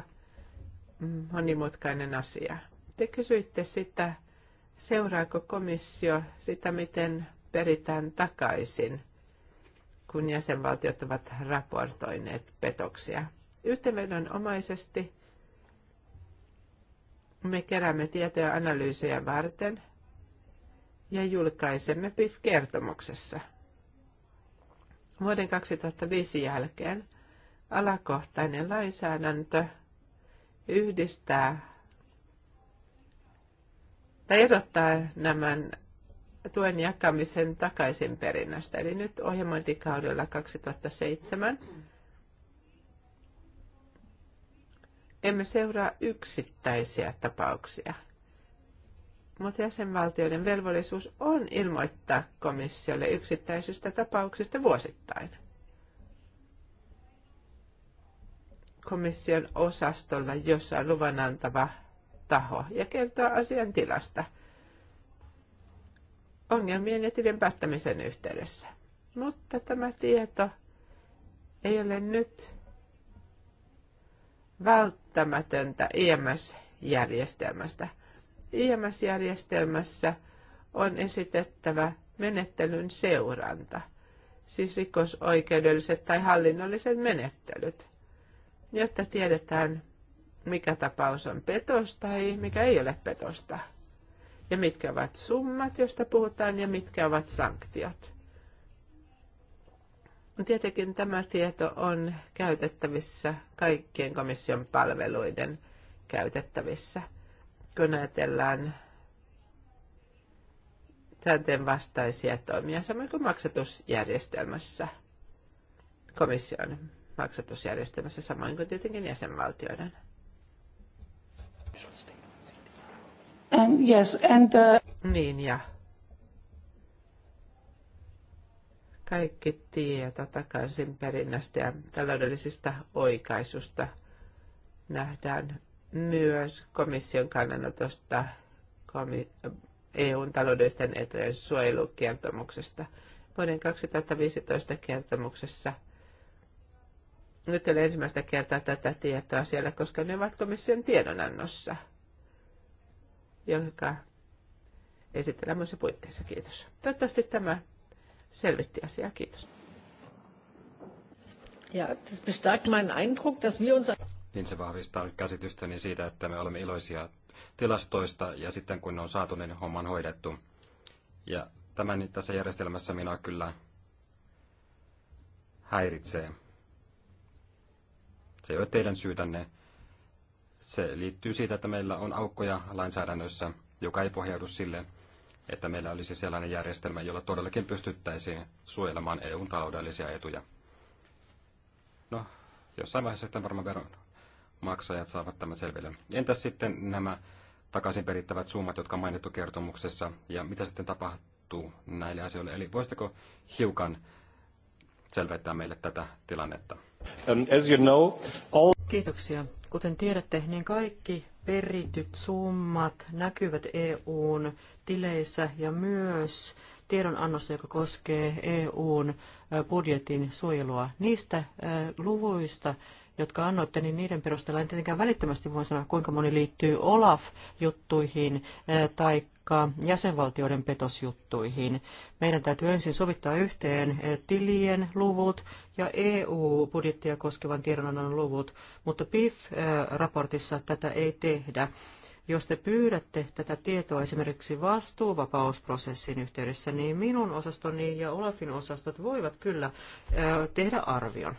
mm, monimutkainen asia. Te kysyitte sitä, seuraako komissio sitä, miten peritään takaisin, kun jäsenvaltiot ovat raportoineet petoksia. Yhteenvedonomaisesti me keräämme tietoja analyysejä varten ja julkaisemme PIF-kertomuksessa. Vuoden 2005 jälkeen alakohtainen lainsäädäntö yhdistää tai erottaa nämä tuen jakamisen takaisin Eli nyt ohjelmointikaudella 2007 Emme seuraa yksittäisiä tapauksia, mutta jäsenvaltioiden velvollisuus on ilmoittaa komissiolle yksittäisistä tapauksista vuosittain. Komission osastolla, jossa on luvanantava taho, ja kertoa asian tilasta ongelmien ja tilin päättämisen yhteydessä. Mutta tämä tieto ei ole nyt välttämätöntä ims järjestelmästä ims järjestelmässä on esitettävä menettelyn seuranta, siis rikosoikeudelliset tai hallinnolliset menettelyt, jotta tiedetään, mikä tapaus on petos tai mikä ei ole petosta, ja mitkä ovat summat, joista puhutaan, ja mitkä ovat sanktiot. No tietenkin tämä tieto on käytettävissä kaikkien komission palveluiden käytettävissä, kun ajatellaan sääntöjen vastaisia toimia, samoin kuin maksatusjärjestelmässä, komission maksatusjärjestelmässä, samoin kuin tietenkin jäsenvaltioiden. Um, yes, and, uh... Niin ja kaikki tieto takaisin perinnästä ja taloudellisista oikaisusta nähdään myös komission kannanotosta EUn taloudellisten etujen suojelukertomuksesta. Vuoden 2015 kertomuksessa nyt ole ensimmäistä kertaa tätä tietoa siellä, koska ne ovat komission tiedonannossa, joka esitellään muissa puitteissa. Kiitos. Toivottavasti tämä selvitti asiaa. Kiitos. Ja, das bestärkt meinen Eindruck, dass wir uns... Niin se vahvistaa käsitystäni siitä, että me olemme iloisia tilastoista ja sitten kun ne on saatu, niin homman hoidettu. Ja tämä nyt tässä järjestelmässä minua kyllä häiritsee. Se ei ole teidän syytänne. Se liittyy siitä, että meillä on aukkoja lainsäädännössä, joka ei pohjaudu sille, että meillä olisi sellainen järjestelmä, jolla todellakin pystyttäisiin suojelemaan EUn taloudellisia etuja. No, jossain vaiheessa sitten varmaan maksajat saavat tämän selville. Entäs sitten nämä takaisin perittävät summat, jotka on mainittu kertomuksessa, ja mitä sitten tapahtuu näille asioille? Eli voisitteko hiukan selvittää meille tätä tilannetta? As you know, all... Kiitoksia. Kuten tiedätte, niin kaikki perityt summat näkyvät EUn tileissä ja myös tiedonannossa, joka koskee EUn budjetin suojelua. Niistä luvuista, jotka annoitte, niin niiden perusteella en tietenkään välittömästi voi sanoa, kuinka moni liittyy Olaf-juttuihin eh, tai jäsenvaltioiden petosjuttuihin. Meidän täytyy ensin sovittaa yhteen eh, tilien luvut ja EU-budjettia koskevan tiedonannon luvut, mutta PIF-raportissa eh, tätä ei tehdä. Jos te pyydätte tätä tietoa esimerkiksi vastuuvapausprosessin yhteydessä, niin minun osastoni ja Olafin osastot voivat kyllä tehdä arvion.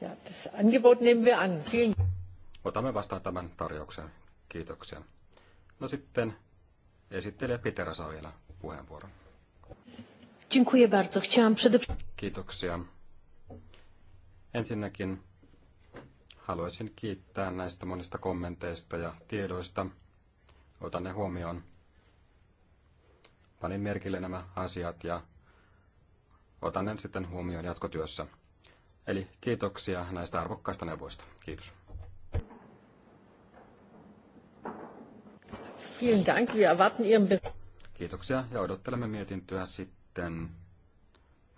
Ja, das Angebot nehmen wir an. Vielen Otamme vastaan tämän tarjouksen. Kiitoksia. No sitten esittelee Peter saa vielä puheenvuoron. Kiitoksia. Ensinnäkin haluaisin kiittää näistä monista kommenteista ja tiedoista. Otan ne huomioon. Panin merkille nämä asiat ja otan ne sitten huomioon jatkotyössä. Eli kiitoksia näistä arvokkaista neuvoista. Kiitos. Kiitoksia ja odottelemme mietintöä sitten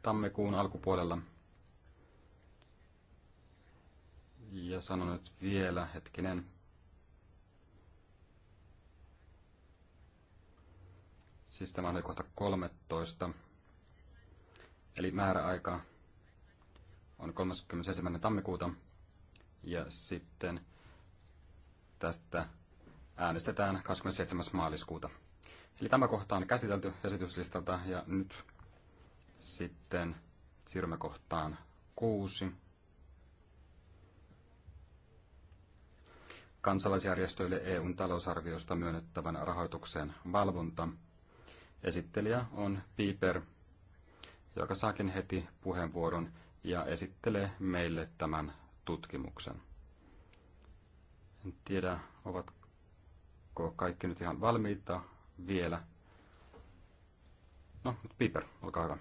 tammikuun alkupuolella. Ja sanon nyt vielä hetkinen. Siis tämä oli kohta 13. Eli määräaika on 31. tammikuuta ja sitten tästä äänestetään 27. maaliskuuta. Eli tämä kohta on käsitelty esityslistalta ja nyt sitten siirrymme kohtaan kuusi. Kansalaisjärjestöille EUn talousarviosta myönnettävän rahoituksen valvonta. Esittelijä on Piper, joka saakin heti puheenvuoron ja esittelee meille tämän tutkimuksen. En tiedä, ovatko kaikki nyt ihan valmiita vielä. No, nyt Piper, olkaa hyvä.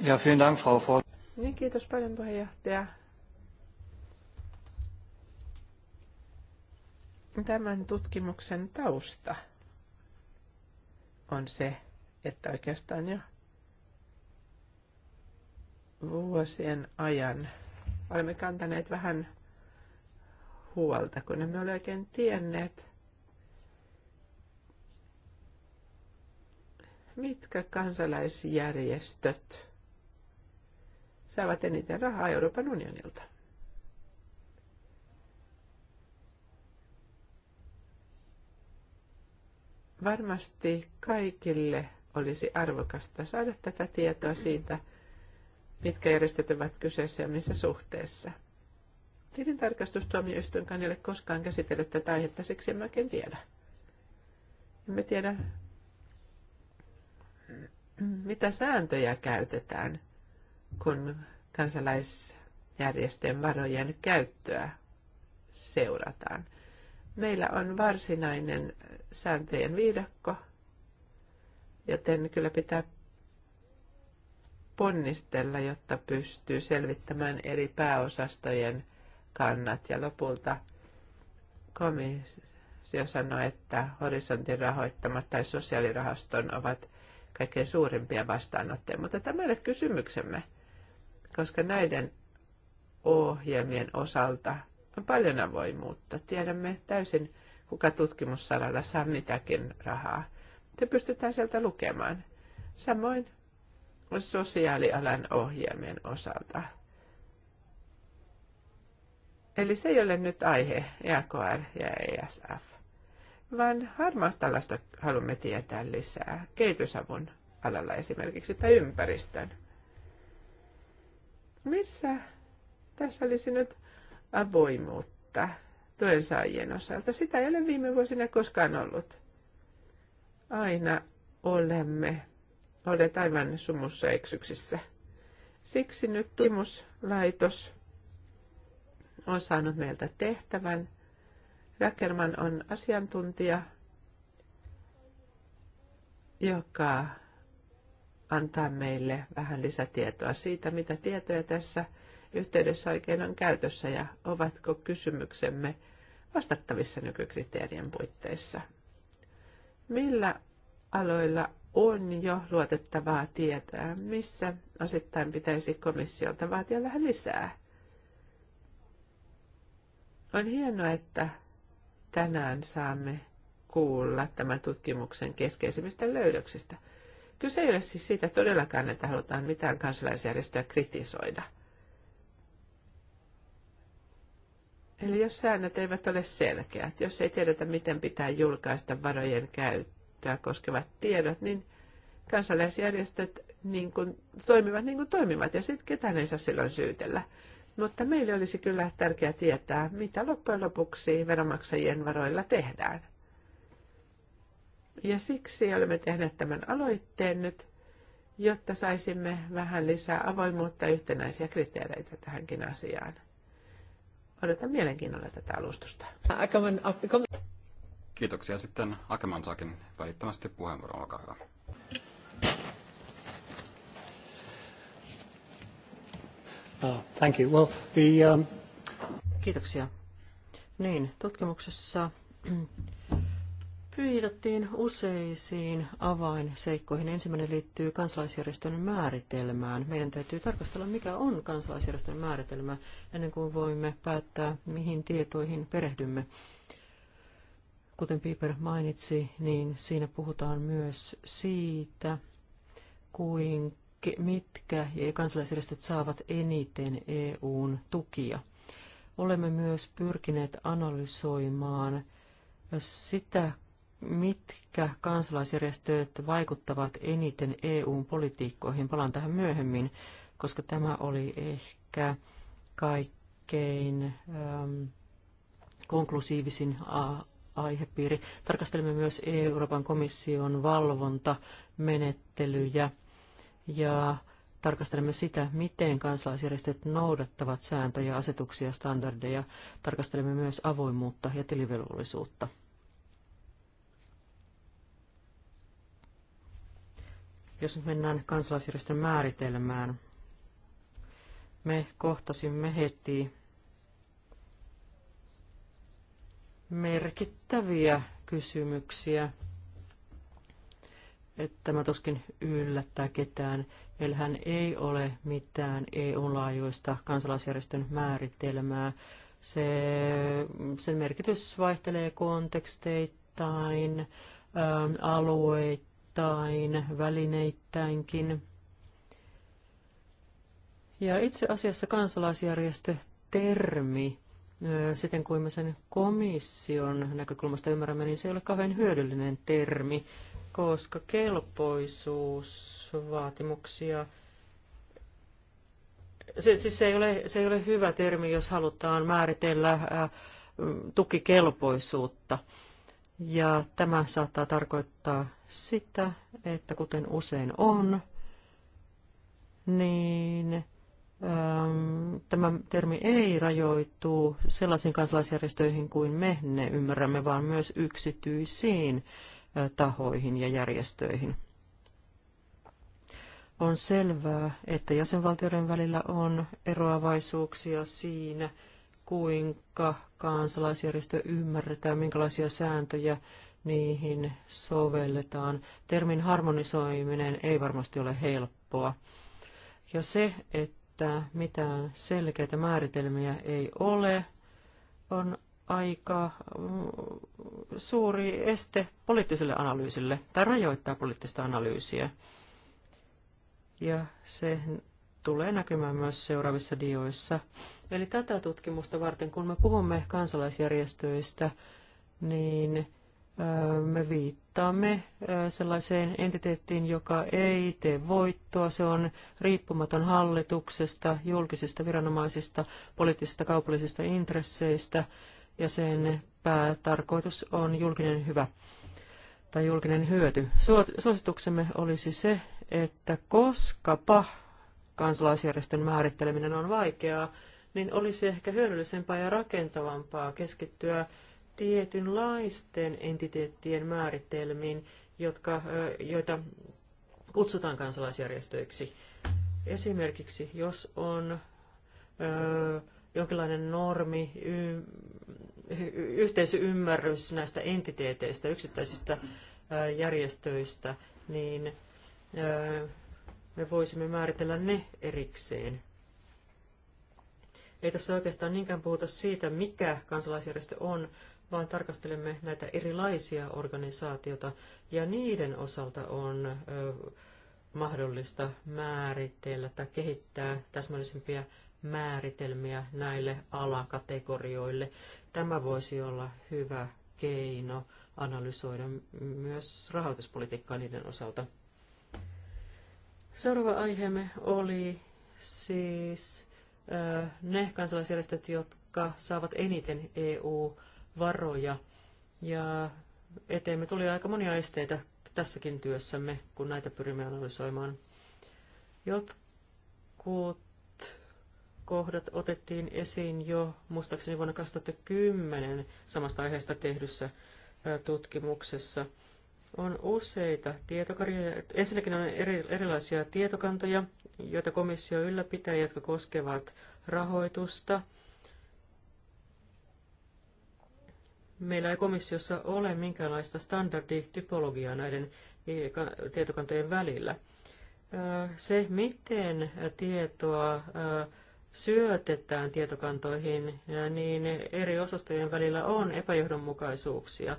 Ja, vielen Dank, Frau Ford. Niin, kiitos paljon puheenjohtaja. Tämän tutkimuksen tausta on se, että oikeastaan jo vuosien ajan olemme kantaneet vähän huolta, kun emme ole oikein tienneet, mitkä kansalaisjärjestöt saavat eniten rahaa Euroopan unionilta. Varmasti kaikille olisi arvokasta saada tätä tietoa siitä, mitkä järjestöt ovat kyseessä ja missä suhteessa. Tilintarkastustuomioistuinkaan ei ole koskaan käsitellyt tätä aihetta, siksi en oikein tiedä. Emme tiedä, mitä sääntöjä käytetään, kun kansalaisjärjestöjen varojen käyttöä seurataan. Meillä on varsinainen sääntöjen viidakko, joten kyllä pitää ponnistella, jotta pystyy selvittämään eri pääosastojen kannat. Ja lopulta komissio sanoi, että horisontin rahoittamat tai sosiaalirahaston ovat kaikkein suurimpia vastaanottajia. Mutta tämä ei ole kysymyksemme, koska näiden ohjelmien osalta on paljon avoimuutta. Tiedämme täysin, kuka tutkimussaralla saa mitäkin rahaa se pystytään sieltä lukemaan. Samoin sosiaalialan ohjelmien osalta. Eli se ei ole nyt aihe, EAKR ja ESF, vaan harmaasta alasta haluamme tietää lisää, kehitysavun alalla esimerkiksi tai ympäristön. Missä tässä olisi nyt avoimuutta tuen saajien osalta? Sitä ei ole viime vuosina koskaan ollut aina olemme olleet aivan sumussa eksyksissä. Siksi nyt tutkimuslaitos on saanut meiltä tehtävän. Rakerman on asiantuntija, joka antaa meille vähän lisätietoa siitä, mitä tietoja tässä yhteydessä oikein on käytössä ja ovatko kysymyksemme vastattavissa nykykriteerien puitteissa. Millä aloilla on jo luotettavaa tietoa, missä osittain pitäisi komissiolta vaatia vähän lisää? On hienoa, että tänään saamme kuulla tämän tutkimuksen keskeisimmistä löydöksistä. Kyse ei ole siis siitä todellakaan, että halutaan mitään kansalaisjärjestöä kritisoida – Eli jos säännöt eivät ole selkeät, jos ei tiedetä, miten pitää julkaista varojen käyttöä koskevat tiedot, niin kansalaisjärjestöt niin kuin, toimivat niin kuin toimivat, ja sitten ketään ei saa silloin syytellä. Mutta meille olisi kyllä tärkeää tietää, mitä loppujen lopuksi veronmaksajien varoilla tehdään. Ja siksi olemme tehneet tämän aloitteen nyt, jotta saisimme vähän lisää avoimuutta ja yhtenäisiä kriteereitä tähänkin asiaan. Odotan mielenkiinnolla tätä alustusta. Kiitoksia. Sitten Akeman saakin välittömästi puheenvuoron. Olkaa hyvä. Oh, thank you. Well, the, um... Kiitoksia. Niin, tutkimuksessa Viitattiin useisiin avainseikkoihin. Ensimmäinen liittyy kansalaisjärjestön määritelmään. Meidän täytyy tarkastella, mikä on kansalaisjärjestön määritelmä, ennen kuin voimme päättää, mihin tietoihin perehdymme. Kuten Piper mainitsi, niin siinä puhutaan myös siitä, kuinka, mitkä kansalaisjärjestöt saavat eniten EUn tukia. Olemme myös pyrkineet analysoimaan sitä, mitkä kansalaisjärjestöt vaikuttavat eniten eu politiikkoihin. Palaan tähän myöhemmin, koska tämä oli ehkä kaikkein ähm, konklusiivisin aihepiiri. Tarkastelimme myös Euroopan komission valvontamenettelyjä ja tarkastelemme sitä, miten kansalaisjärjestöt noudattavat sääntöjä, asetuksia, standardeja. Tarkastelemme myös avoimuutta ja tilivelvollisuutta. Jos nyt mennään kansalaisjärjestön määritelmään, me kohtasimme heti merkittäviä kysymyksiä. Että tämä tuskin yllättää ketään. Meillähän ei ole mitään EU-laajuista kansalaisjärjestön määritelmää. Se, sen merkitys vaihtelee konteksteittain, alueittain osittain välineittäinkin. Ja itse asiassa kansalaisjärjestö termi, siten kuin me sen komission näkökulmasta ymmärrämme, niin se ei ole kauhean hyödyllinen termi, koska kelpoisuusvaatimuksia se, siis se, ei ole, se ei ole hyvä termi, jos halutaan määritellä ää, tukikelpoisuutta. Ja tämä saattaa tarkoittaa sitä, että kuten usein on, niin ähm, tämä termi ei rajoitu sellaisiin kansalaisjärjestöihin kuin me ne ymmärrämme, vaan myös yksityisiin äh, tahoihin ja järjestöihin. On selvää, että jäsenvaltioiden välillä on eroavaisuuksia siinä, kuinka kansalaisjärjestö ymmärretään, minkälaisia sääntöjä niihin sovelletaan. Termin harmonisoiminen ei varmasti ole helppoa. Ja se, että mitään selkeitä määritelmiä ei ole, on aika mm, suuri este poliittiselle analyysille tai rajoittaa poliittista analyysiä. Ja se tulee näkymään myös seuraavissa dioissa. Eli tätä tutkimusta varten, kun me puhumme kansalaisjärjestöistä, niin me viittaamme sellaiseen entiteettiin, joka ei tee voittoa. Se on riippumaton hallituksesta, julkisista viranomaisista, poliittisista kaupallisista intresseistä ja sen päätarkoitus on julkinen hyvä tai julkinen hyöty. Suosituksemme olisi se, että koskapa kansalaisjärjestön määritteleminen on vaikeaa, niin olisi ehkä hyödyllisempää ja rakentavampaa keskittyä tietynlaisten entiteettien määritelmiin, jotka, joita kutsutaan kansalaisjärjestöiksi. Esimerkiksi jos on ö, jonkinlainen normi, y, yhteisymmärrys näistä entiteeteistä, yksittäisistä ö, järjestöistä, niin ö, me voisimme määritellä ne erikseen. Ei tässä oikeastaan niinkään puhuta siitä, mikä kansalaisjärjestö on, vaan tarkastelemme näitä erilaisia organisaatioita, ja niiden osalta on ö, mahdollista määritellä tai kehittää täsmällisempiä määritelmiä näille alakategorioille. Tämä voisi olla hyvä keino analysoida myös rahoituspolitiikkaa niiden osalta. Seuraava aiheemme oli siis ne kansalaisjärjestöt, jotka saavat eniten EU-varoja. Ja eteemme tuli aika monia esteitä tässäkin työssämme, kun näitä pyrimme analysoimaan. Jotkut kohdat otettiin esiin jo muistaakseni vuonna 2010 samasta aiheesta tehdyssä tutkimuksessa – on useita tietokarjoja. Ensinnäkin on eri, erilaisia tietokantoja, joita komissio ylläpitää, jotka koskevat rahoitusta. Meillä ei komissiossa ole minkäänlaista standarditypologiaa näiden tietokantojen välillä. Se, miten tietoa syötetään tietokantoihin, niin eri osastojen välillä on epäjohdonmukaisuuksia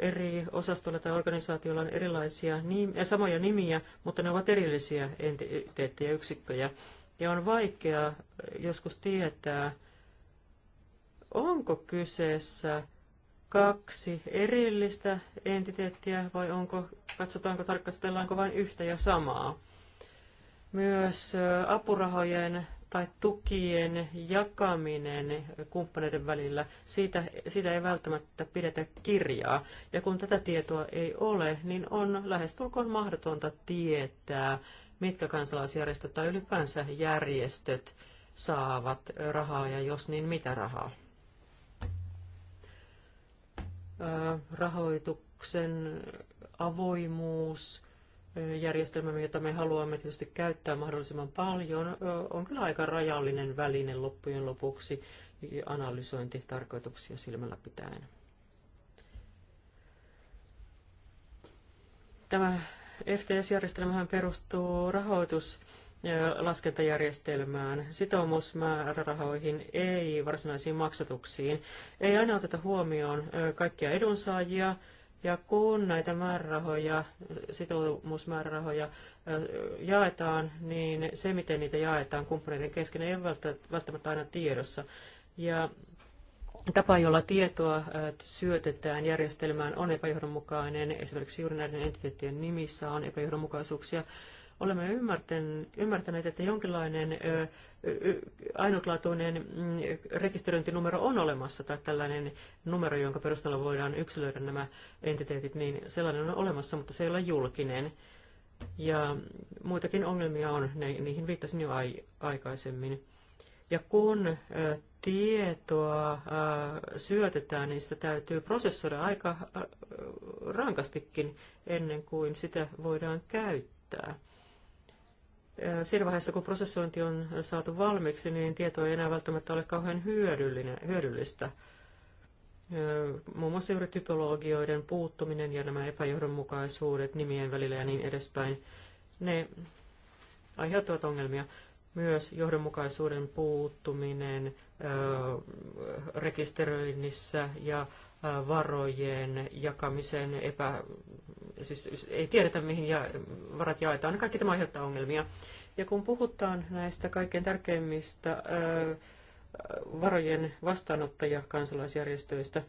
eri osastoilla tai organisaatioilla on erilaisia nim- samoja nimiä, mutta ne ovat erillisiä entiteettejä, yksikköjä. Ja on vaikea joskus tietää, onko kyseessä kaksi erillistä entiteettiä vai onko, katsotaanko, tarkastellaanko vain yhtä ja samaa. Myös apurahojen tai tukien jakaminen kumppaneiden välillä, siitä, siitä ei välttämättä pidetä kirjaa. Ja kun tätä tietoa ei ole, niin on lähestulkoon mahdotonta tietää, mitkä kansalaisjärjestöt tai ylipäänsä järjestöt saavat rahaa ja jos niin mitä rahaa. Rahoituksen avoimuus järjestelmämme, jota me haluamme tietysti käyttää mahdollisimman paljon, on kyllä aika rajallinen väline loppujen lopuksi analysointitarkoituksia silmällä pitäen. Tämä FTS-järjestelmähän perustuu rahoitus laskentajärjestelmään, sitoumusmäärärahoihin, ei varsinaisiin maksatuksiin. Ei aina oteta huomioon kaikkia edunsaajia, ja kun näitä määrärahoja, sitoumusmäärärahoja jaetaan, niin se, miten niitä jaetaan kumppaneiden kesken, ei ole välttämättä aina tiedossa. Ja tapa, jolla tietoa syötetään järjestelmään, on epäjohdonmukainen. Esimerkiksi juuri näiden entiteettien nimissä on epäjohdonmukaisuuksia. Olemme ymmärtäneet, että jonkinlainen ainutlaatuinen mm, rekisteröintinumero on olemassa tai tällainen numero, jonka perusteella voidaan yksilöidä nämä entiteetit, niin sellainen on olemassa, mutta se ei ole julkinen. Ja muitakin ongelmia on, niihin viittasin jo aikaisemmin. Ja kun tietoa syötetään, niin sitä täytyy prosessoida aika rankastikin ennen kuin sitä voidaan käyttää siinä vaiheessa, kun prosessointi on saatu valmiiksi, niin tieto ei enää välttämättä ole kauhean hyödyllinen, hyödyllistä. Muun muassa juuri typologioiden puuttuminen ja nämä epäjohdonmukaisuudet nimien välillä ja niin edespäin, ne aiheuttavat ongelmia. Myös johdonmukaisuuden puuttuminen rekisteröinnissä ja varojen jakamiseen epä... Siis, siis ei tiedetä, mihin ja varat jaetaan. Niin kaikki tämä aiheuttaa ongelmia. Ja kun puhutaan näistä kaikkein tärkeimmistä varojen vastaanottaja kansalaisjärjestöistä,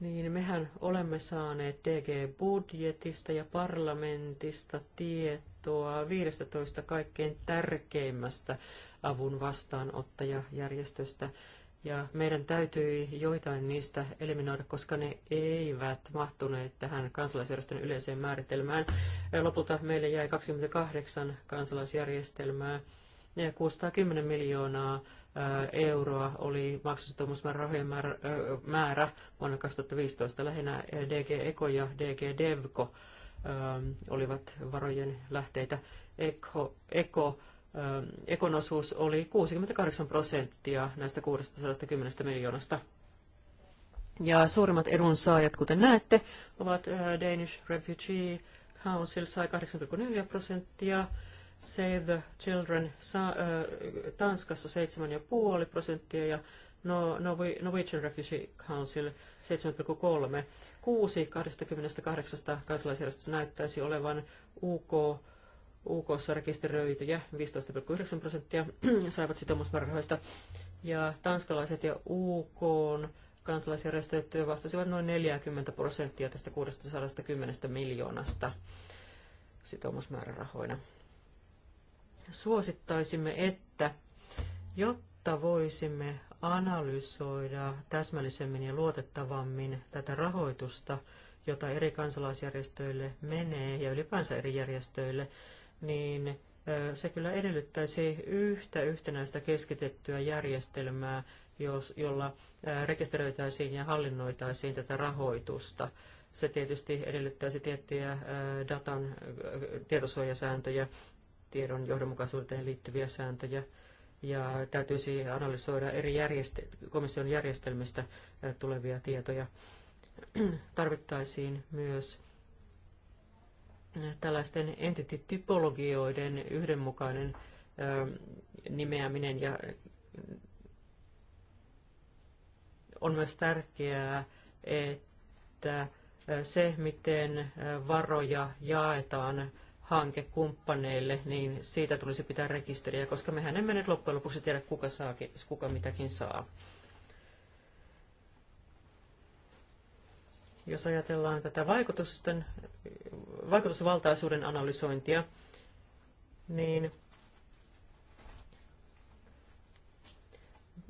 niin mehän olemme saaneet DG-budjetista ja parlamentista tietoa 15 kaikkein tärkeimmästä avun vastaanottajajärjestöstä. järjestöstä ja meidän täytyi joitain niistä eliminoida, koska ne eivät mahtuneet tähän kansalaisjärjestön yleiseen määritelmään. Lopulta meille jäi 28 kansalaisjärjestelmää ja 610 miljoonaa euroa oli maksusitoumusmäärärahojen määrä, määrä vuonna 2015. Lähinnä DG Eko ja DG Devko olivat varojen lähteitä. Eko, Eko ekonosuus oli 68 prosenttia näistä 610 miljoonasta. Ja suurimmat edunsaajat, kuten näette, ovat Danish Refugee Council sai 8,4 prosenttia, Save the Children saa, äh, Tanskassa 7,5 prosenttia ja no-, Norwegian Refugee Council 7,3. Kuusi 28 kansalaisjärjestöstä näyttäisi olevan UK UKssa rekisteröityjä 15,9 prosenttia saivat sitoumusmäärärahoista, ja tanskalaiset ja UK kansalaisjärjestöt vastasivat noin 40 prosenttia tästä 610 miljoonasta sitoumusmäärärahoina. Suosittaisimme, että jotta voisimme analysoida täsmällisemmin ja luotettavammin tätä rahoitusta, jota eri kansalaisjärjestöille menee ja ylipäänsä eri järjestöille, niin se kyllä edellyttäisi yhtä yhtenäistä keskitettyä järjestelmää, jolla rekisteröitäisiin ja hallinnoitaisiin tätä rahoitusta. Se tietysti edellyttäisi tiettyjä datan tietosuojasääntöjä, tiedon johdonmukaisuuteen liittyviä sääntöjä, ja täytyisi analysoida eri järjest- komission järjestelmistä tulevia tietoja. Tarvittaisiin myös tällaisten entitytypologioiden yhdenmukainen nimeäminen ja on myös tärkeää, että se, miten varoja jaetaan hankekumppaneille, niin siitä tulisi pitää rekisteriä, koska mehän emme nyt loppujen lopuksi tiedä, kuka, saa, kuka mitäkin saa. Jos ajatellaan tätä vaikutusten, vaikutusvaltaisuuden analysointia, niin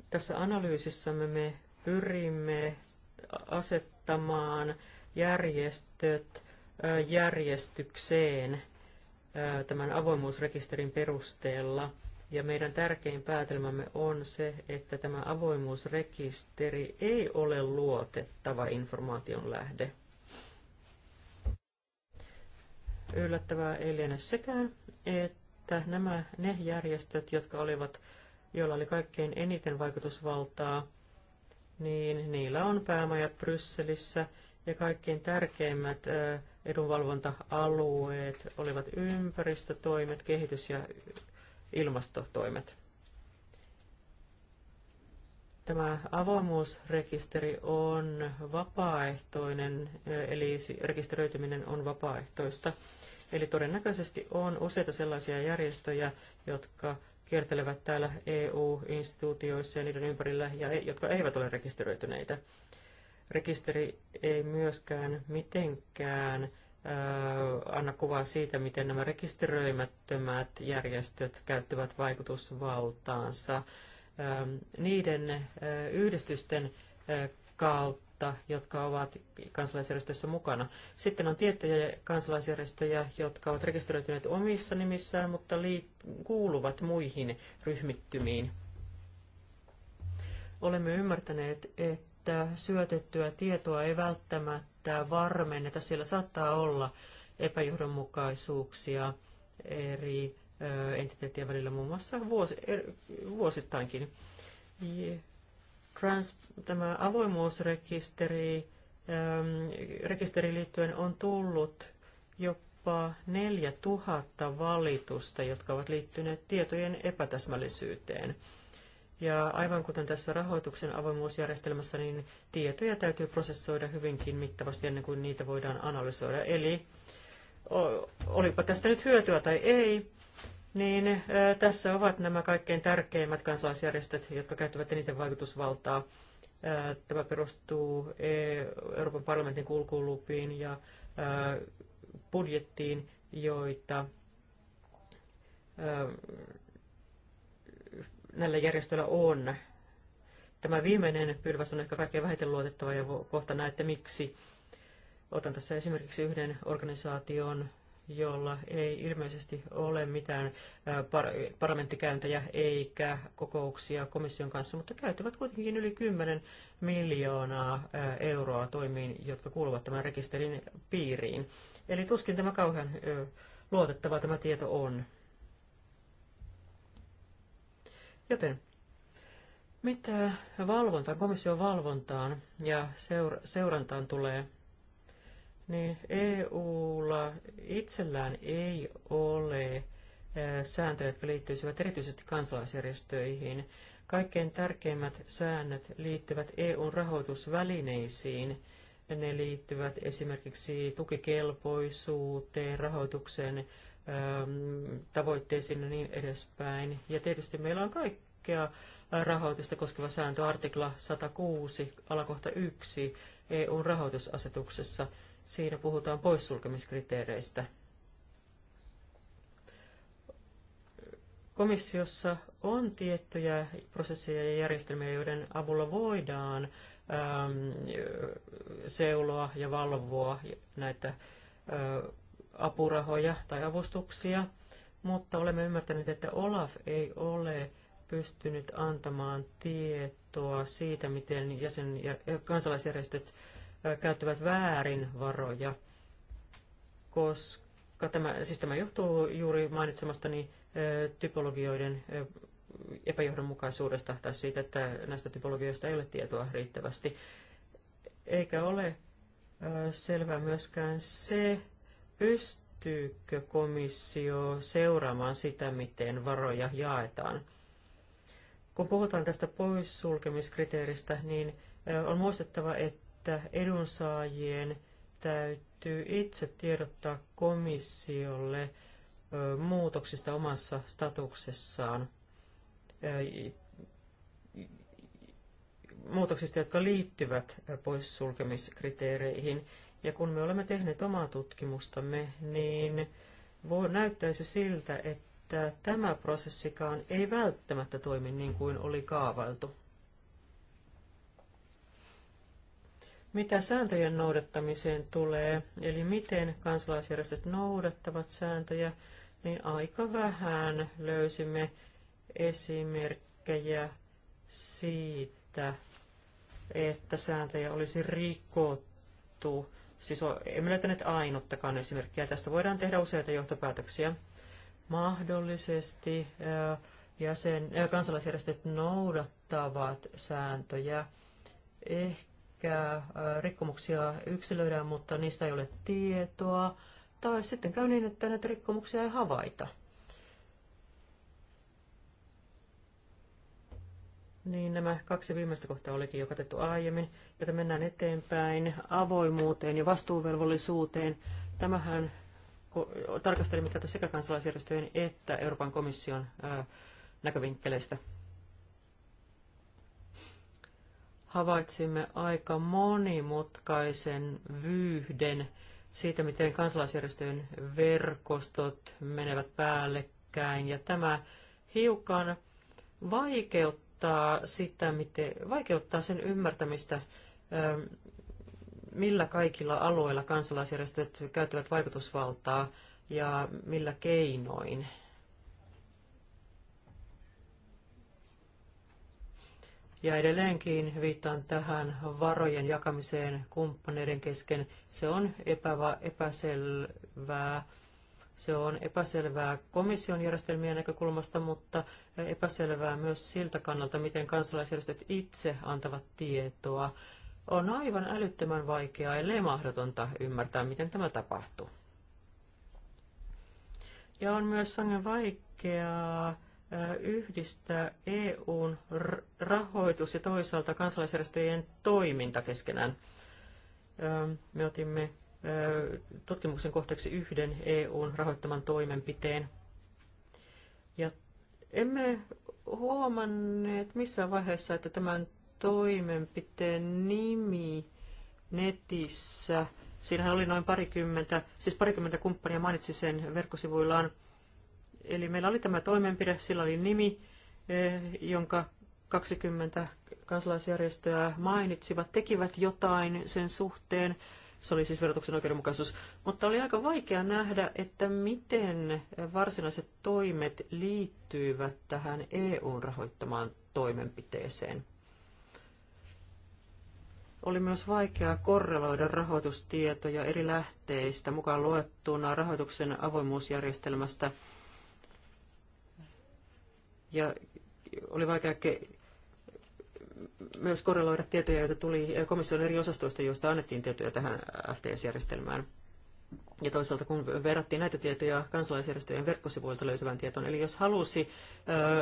tässä analyysissämme me pyrimme asettamaan järjestöt järjestykseen tämän avoimuusrekisterin perusteella – ja meidän tärkein päätelmämme on se, että tämä avoimuusrekisteri ei ole luotettava informaation lähde. Yllättävää ei liene sekään, että nämä ne järjestöt, jotka olivat, joilla oli kaikkein eniten vaikutusvaltaa, niin niillä on päämajat Brysselissä ja kaikkein tärkeimmät edunvalvonta-alueet olivat ympäristötoimet, kehitys ja ilmastotoimet. Tämä avoimuusrekisteri on vapaaehtoinen, eli rekisteröityminen on vapaaehtoista. Eli todennäköisesti on useita sellaisia järjestöjä, jotka kiertelevät täällä EU-instituutioissa ja niiden ympärillä, ja e- jotka eivät ole rekisteröityneitä. Rekisteri ei myöskään mitenkään anna kuvaa siitä, miten nämä rekisteröimättömät järjestöt käyttävät vaikutusvaltaansa. Niiden yhdistysten kautta, jotka ovat kansalaisjärjestöissä mukana. Sitten on tiettyjä kansalaisjärjestöjä, jotka ovat rekisteröityneet omissa nimissään, mutta kuuluvat muihin ryhmittymiin. Olemme ymmärtäneet, että syötettyä tietoa ei välttämättä pitää varmenneta. Siellä saattaa olla epäjohdonmukaisuuksia eri entiteettien välillä, muun muassa vuosi, er, vuosittainkin. Trans, tämä avoimuusrekisteri rekisteriin liittyen on tullut jopa 4000 valitusta, jotka ovat liittyneet tietojen epätäsmällisyyteen. Ja aivan kuten tässä rahoituksen avoimuusjärjestelmässä, niin tietoja täytyy prosessoida hyvinkin mittavasti ennen kuin niitä voidaan analysoida. Eli olipa tästä nyt hyötyä tai ei, niin tässä ovat nämä kaikkein tärkeimmät kansalaisjärjestöt, jotka käyttävät eniten vaikutusvaltaa. Tämä perustuu e, Euroopan parlamentin kulkulupiin ja budjettiin, joita näillä järjestöillä on. Tämä viimeinen pylväs on ehkä kaikkein vähiten luotettava ja kohta näette miksi. Otan tässä esimerkiksi yhden organisaation, jolla ei ilmeisesti ole mitään par- parlamenttikäyntejä eikä kokouksia komission kanssa, mutta käyttävät kuitenkin yli 10 miljoonaa euroa toimiin, jotka kuuluvat tämän rekisterin piiriin. Eli tuskin tämä kauhean luotettava tämä tieto on. Joten mitä valvontaan, komission valvontaan ja seura- seurantaan tulee, niin EUlla itsellään ei ole sääntöjä, jotka liittyisivät erityisesti kansalaisjärjestöihin. Kaikkein tärkeimmät säännöt liittyvät EUn rahoitusvälineisiin. Ne liittyvät esimerkiksi tukikelpoisuuteen, rahoituksen Ähm, tavoitteisiin ja niin edespäin. Ja tietysti meillä on kaikkea rahoitusta koskeva sääntö, artikla 106, alakohta 1 EUn rahoitusasetuksessa. Siinä puhutaan poissulkemiskriteereistä. Komissiossa on tiettyjä prosesseja ja järjestelmiä, joiden avulla voidaan äm, seuloa ja valvoa näitä äh, apurahoja tai avustuksia, mutta olemme ymmärtäneet, että Olaf ei ole pystynyt antamaan tietoa siitä, miten jäsen- ja kansalaisjärjestöt käyttävät väärin varoja, koska tämä, siis tämä johtuu juuri mainitsemastani typologioiden epäjohdonmukaisuudesta tai siitä, että näistä typologioista ei ole tietoa riittävästi. Eikä ole selvää myöskään se, pystyykö komissio seuraamaan sitä, miten varoja jaetaan. Kun puhutaan tästä poissulkemiskriteeristä, niin on muistettava, että edunsaajien täytyy itse tiedottaa komissiolle muutoksista omassa statuksessaan, muutoksista, jotka liittyvät poissulkemiskriteereihin. Ja kun me olemme tehneet omaa tutkimustamme, niin voi, näyttäisi siltä, että tämä prosessikaan ei välttämättä toimi niin kuin oli kaavailtu. Mitä sääntöjen noudattamiseen tulee, eli miten kansalaisjärjestöt noudattavat sääntöjä, niin aika vähän löysimme esimerkkejä siitä, että sääntöjä olisi rikottu. Siis emme löytäneet ainuttakaan esimerkkiä. Tästä voidaan tehdä useita johtopäätöksiä. Mahdollisesti jäsen, kansalaisjärjestöt noudattavat sääntöjä. Ehkä rikkomuksia yksilöidään, mutta niistä ei ole tietoa. Tai sitten käy niin, että näitä rikkomuksia ei havaita. Niin, nämä kaksi viimeistä kohtaa olikin jo katettu aiemmin, joten mennään eteenpäin avoimuuteen ja vastuuvelvollisuuteen. Tämähän tarkastelimme tätä sekä kansalaisjärjestöjen että Euroopan komission näkövinkkeleistä. Havaitsimme aika monimutkaisen vyyhden siitä, miten kansalaisjärjestöjen verkostot menevät päällekkäin, ja tämä hiukan vaikeuttaa vaikeuttaa sitä, miten, vaikeuttaa sen ymmärtämistä, millä kaikilla alueilla kansalaisjärjestöt käyttävät vaikutusvaltaa ja millä keinoin. Ja edelleenkin viittaan tähän varojen jakamiseen kumppaneiden kesken. Se on epäva, epäselvää se on epäselvää komission järjestelmien näkökulmasta, mutta epäselvää myös siltä kannalta, miten kansalaisjärjestöt itse antavat tietoa. On aivan älyttömän vaikeaa, ellei mahdotonta ymmärtää, miten tämä tapahtuu. Ja on myös sangen vaikeaa yhdistää EUn rahoitus ja toisaalta kansalaisjärjestöjen toiminta keskenään. Me otimme tutkimuksen kohteeksi yhden EUn rahoittaman toimenpiteen. Ja emme huomanneet missään vaiheessa, että tämän toimenpiteen nimi netissä, siinähän oli noin parikymmentä, siis parikymmentä kumppania mainitsi sen verkkosivuillaan. Eli meillä oli tämä toimenpide, sillä oli nimi, jonka 20 kansalaisjärjestöä mainitsivat, tekivät jotain sen suhteen, se oli siis verotuksen oikeudenmukaisuus. Mutta oli aika vaikea nähdä, että miten varsinaiset toimet liittyivät tähän EUn rahoittamaan toimenpiteeseen. Oli myös vaikea korreloida rahoitustietoja eri lähteistä, mukaan luettuna rahoituksen avoimuusjärjestelmästä. Ja oli vaikea myös korreloida tietoja, joita tuli komission eri osastoista, joista annettiin tietoja tähän FTS-järjestelmään. Ja toisaalta kun verrattiin näitä tietoja kansalaisjärjestöjen verkkosivuilta löytyvän tietoon, eli jos halusi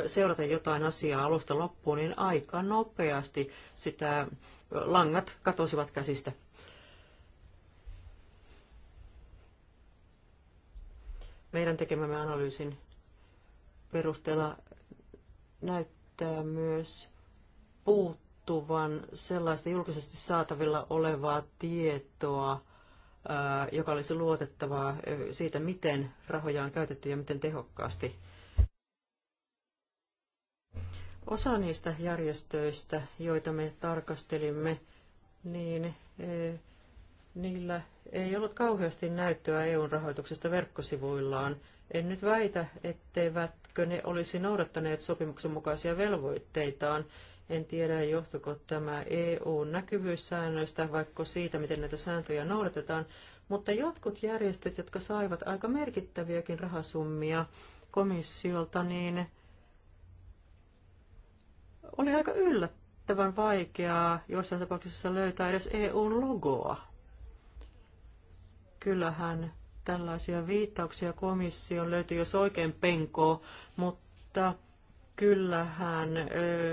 seurata jotain asiaa alusta loppuun, niin aika nopeasti sitä langat katosivat käsistä. Meidän tekemämme analyysin perusteella näyttää myös puuttuvan sellaista julkisesti saatavilla olevaa tietoa, joka olisi luotettavaa siitä, miten rahoja on käytetty ja miten tehokkaasti. Osa niistä järjestöistä, joita me tarkastelimme, niin niillä ei ollut kauheasti näyttöä eu rahoituksesta verkkosivuillaan. En nyt väitä, etteivätkö ne olisi noudattaneet sopimuksen mukaisia velvoitteitaan, en tiedä, johtuko tämä EU-näkyvyyssäännöistä, vaikka siitä, miten näitä sääntöjä noudatetaan, mutta jotkut järjestöt, jotka saivat aika merkittäviäkin rahasummia komissiolta, niin oli aika yllättävän vaikeaa joissain tapauksissa löytää edes EU-logoa. Kyllähän tällaisia viittauksia komissioon löytyy, jos oikein penkoo, mutta kyllähän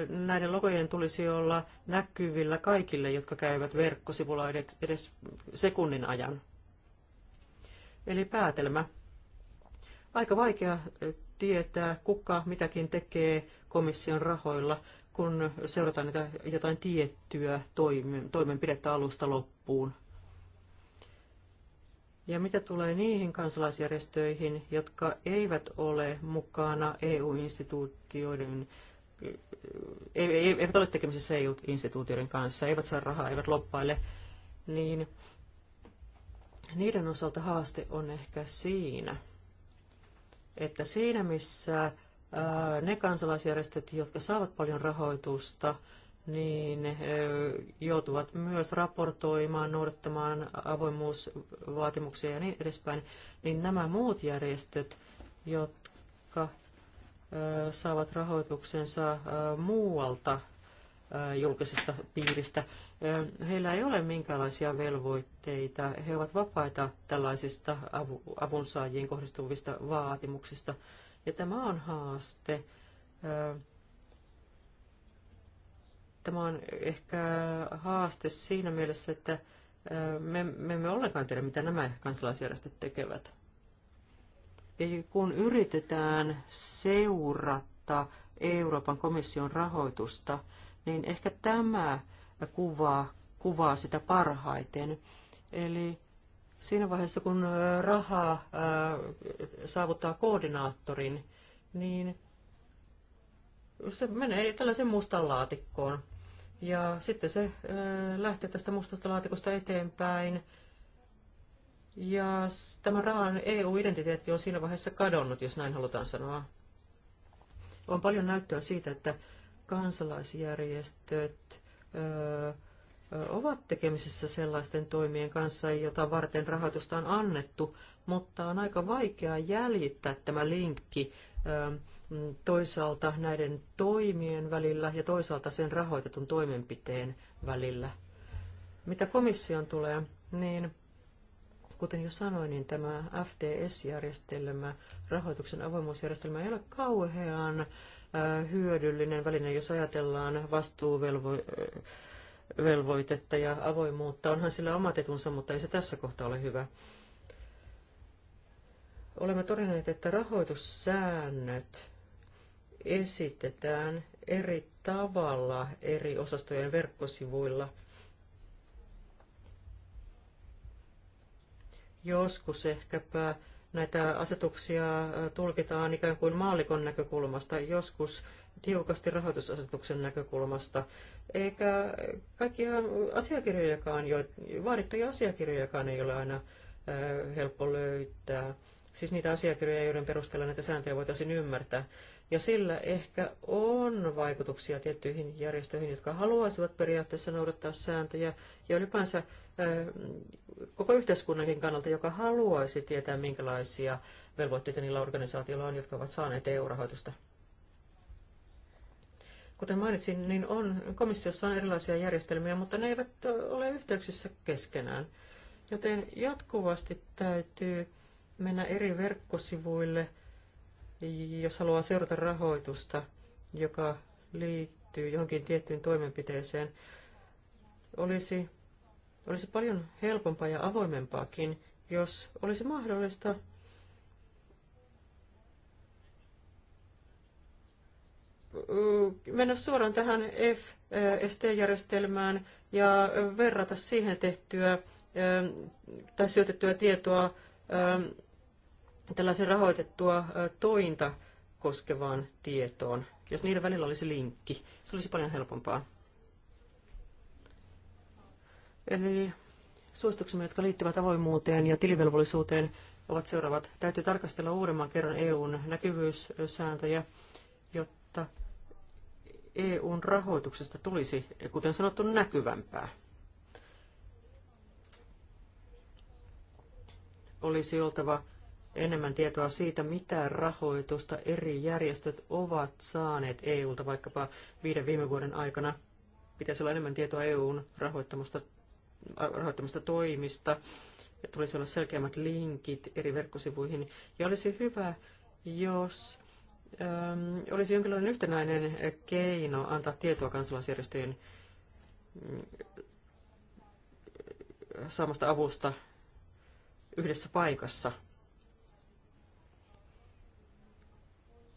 näiden logojen tulisi olla näkyvillä kaikille, jotka käyvät verkkosivulla edes sekunnin ajan. Eli päätelmä. Aika vaikea tietää, kuka mitäkin tekee komission rahoilla, kun seurataan jotain tiettyä toimenpidettä alusta loppuun. Ja mitä tulee niihin kansalaisjärjestöihin, jotka eivät ole mukana EU-instituutioiden, e, e, eivät ole tekemisissä EU-instituutioiden kanssa, eivät saa rahaa, eivät loppaile, niin niiden osalta haaste on ehkä siinä, että siinä missä ne kansalaisjärjestöt, jotka saavat paljon rahoitusta, niin joutuvat myös raportoimaan, noudattamaan avoimuusvaatimuksia ja niin edespäin, niin nämä muut järjestöt, jotka saavat rahoituksensa muualta julkisesta piiristä, heillä ei ole minkäänlaisia velvoitteita. He ovat vapaita tällaisista avunsaajiin kohdistuvista vaatimuksista. Ja tämä on haaste Tämä on ehkä haaste siinä mielessä, että me, me emme ollenkaan tiedä, mitä nämä kansalaisjärjestöt tekevät. Eli kun yritetään seurata Euroopan komission rahoitusta, niin ehkä tämä kuvaa, kuvaa sitä parhaiten. Eli siinä vaiheessa, kun raha saavuttaa koordinaattorin, niin se menee tällaisen mustan laatikkoon. Ja sitten se lähtee tästä mustasta laatikosta eteenpäin. Ja tämä rahan EU-identiteetti on siinä vaiheessa kadonnut, jos näin halutaan sanoa. On paljon näyttöä siitä, että kansalaisjärjestöt ö, ovat tekemisissä sellaisten toimien kanssa, jota varten rahoitusta on annettu, mutta on aika vaikea jäljittää tämä linkki Mm, toisaalta näiden toimien välillä ja toisaalta sen rahoitetun toimenpiteen välillä. Mitä komission tulee, niin kuten jo sanoin, niin tämä FTS-järjestelmä, rahoituksen avoimuusjärjestelmä, ei ole kauhean hyödyllinen väline, jos ajatellaan vastuuvelvoitetta ja avoimuutta. Onhan sillä omat etunsa, mutta ei se tässä kohtaa ole hyvä olemme todenneet, että rahoitussäännöt esitetään eri tavalla eri osastojen verkkosivuilla. Joskus ehkäpä näitä asetuksia tulkitaan ikään kuin maallikon näkökulmasta, joskus tiukasti rahoitusasetuksen näkökulmasta, eikä kaikkia asiakirjojakaan, vaadittuja asiakirjojakaan ei ole aina helppo löytää siis niitä asiakirjoja, joiden perusteella näitä sääntöjä voitaisiin ymmärtää. Ja sillä ehkä on vaikutuksia tiettyihin järjestöihin, jotka haluaisivat periaatteessa noudattaa sääntöjä ja ylipäänsä koko yhteiskunnankin kannalta, joka haluaisi tietää, minkälaisia velvoitteita niillä organisaatioilla on, jotka ovat saaneet EU-rahoitusta. Kuten mainitsin, niin on, komissiossa on erilaisia järjestelmiä, mutta ne eivät ole yhteyksissä keskenään. Joten jatkuvasti täytyy mennä eri verkkosivuille, jos haluaa seurata rahoitusta, joka liittyy johonkin tiettyyn toimenpiteeseen. Olisi, olisi paljon helpompaa ja avoimempaakin, jos olisi mahdollista mennä suoraan tähän FST-järjestelmään ja verrata siihen tehtyä tai syötettyä tietoa tällaisen rahoitettua tointa koskevaan tietoon. Jos niiden välillä olisi linkki, se olisi paljon helpompaa. Eli suosituksemme, jotka liittyvät avoimuuteen ja tilivelvollisuuteen, ovat seuraavat. Täytyy tarkastella uudemman kerran EUn näkyvyyssääntöjä, jotta EUn rahoituksesta tulisi, kuten sanottu, näkyvämpää. Olisi oltava enemmän tietoa siitä, mitä rahoitusta eri järjestöt ovat saaneet EUlta vaikkapa viiden viime vuoden aikana. Pitäisi olla enemmän tietoa EUn rahoittamasta, äh, rahoittamasta toimista ja tulisi olla selkeämmät linkit eri verkkosivuihin. Ja olisi hyvä, jos äm, olisi jonkinlainen yhtenäinen keino antaa tietoa kansalaisjärjestöjen mm, saamasta avusta yhdessä paikassa –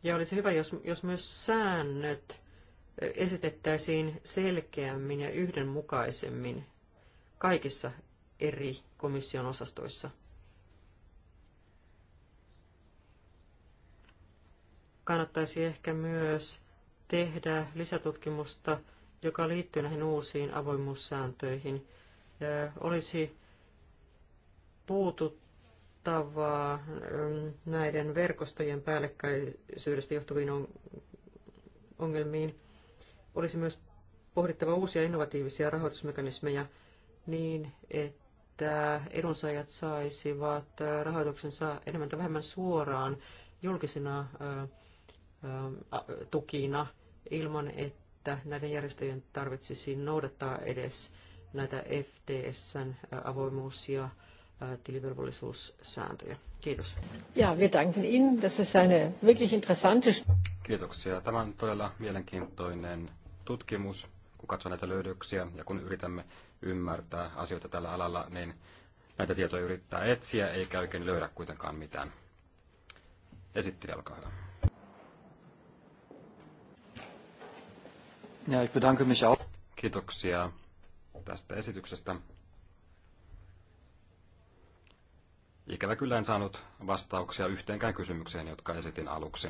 Ja olisi hyvä, jos, jos myös säännöt esitettäisiin selkeämmin ja yhdenmukaisemmin kaikissa eri komission osastoissa. Kannattaisi ehkä myös tehdä lisätutkimusta, joka liittyy näihin uusiin avoimuussääntöihin. Olisi puutut vastaavaa ähm, näiden verkostojen päällekkäisyydestä johtuviin ongelmiin. Olisi myös pohdittava uusia innovatiivisia rahoitusmekanismeja niin, että edunsaajat saisivat äh, rahoituksensa enemmän tai vähemmän suoraan julkisina äh, äh, tukina ilman, että näiden järjestöjen tarvitsisi noudattaa edes näitä FTSn avoimuus- ja tilivelvollisuussääntöjä. Kiitos. Ja, wir danken Ihnen. Das ist eine wirklich interessante... Kiitoksia. Tämä on todella mielenkiintoinen tutkimus. Kun katsoo näitä löydöksiä ja kun yritämme ymmärtää asioita tällä alalla, niin näitä tietoja yrittää etsiä eikä oikein löydä kuitenkaan mitään. Esittelijä, olkaa hyvä. Ja, ich bedanke mich auch. Kiitoksia tästä esityksestä. Ikävä kyllä en saanut vastauksia yhteenkään kysymykseen, jotka esitin aluksi.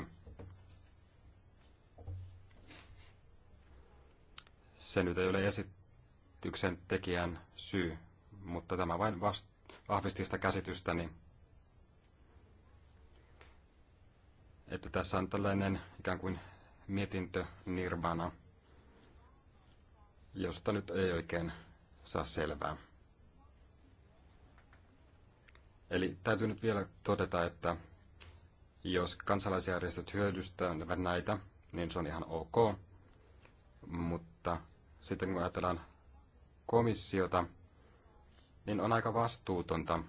Se nyt ei ole esityksen tekijän syy, mutta tämä vain vast- vahvisti sitä käsitystäni, että tässä on tällainen ikään kuin mietintö nirvana, josta nyt ei oikein saa selvää. Eli täytyy nyt vielä todeta, että jos kansalaisjärjestöt hyödystävät näitä, niin se on ihan ok. Mutta sitten kun ajatellaan komissiota, niin on aika vastuutonta,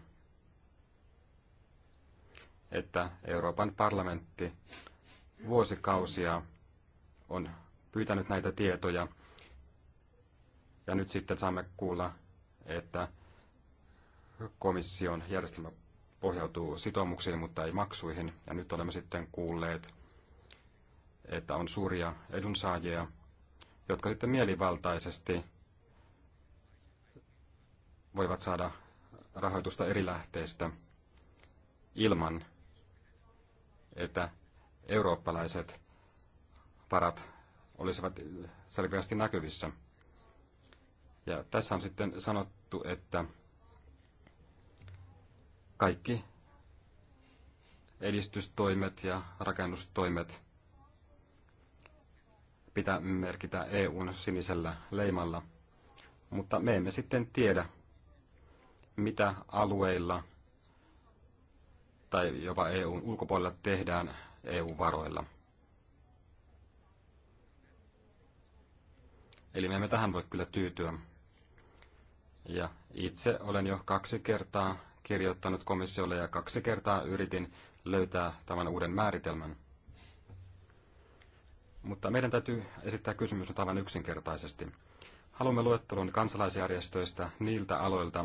että Euroopan parlamentti vuosikausia on pyytänyt näitä tietoja. Ja nyt sitten saamme kuulla, että komission järjestelmä pohjautuu sitoumuksiin, mutta ei maksuihin. Ja nyt olemme sitten kuulleet, että on suuria edunsaajia, jotka sitten mielivaltaisesti voivat saada rahoitusta eri lähteistä ilman, että eurooppalaiset varat olisivat selkeästi näkyvissä. Ja tässä on sitten sanottu, että kaikki edistystoimet ja rakennustoimet pitää merkitä EUn sinisellä leimalla. Mutta me emme sitten tiedä, mitä alueilla tai jopa EUn ulkopuolella tehdään EU-varoilla. Eli me emme tähän voi kyllä tyytyä. Ja itse olen jo kaksi kertaa kirjoittanut komissiolle ja kaksi kertaa yritin löytää tämän uuden määritelmän. Mutta meidän täytyy esittää kysymys nyt aivan yksinkertaisesti. Haluamme luettelun kansalaisjärjestöistä niiltä aloilta,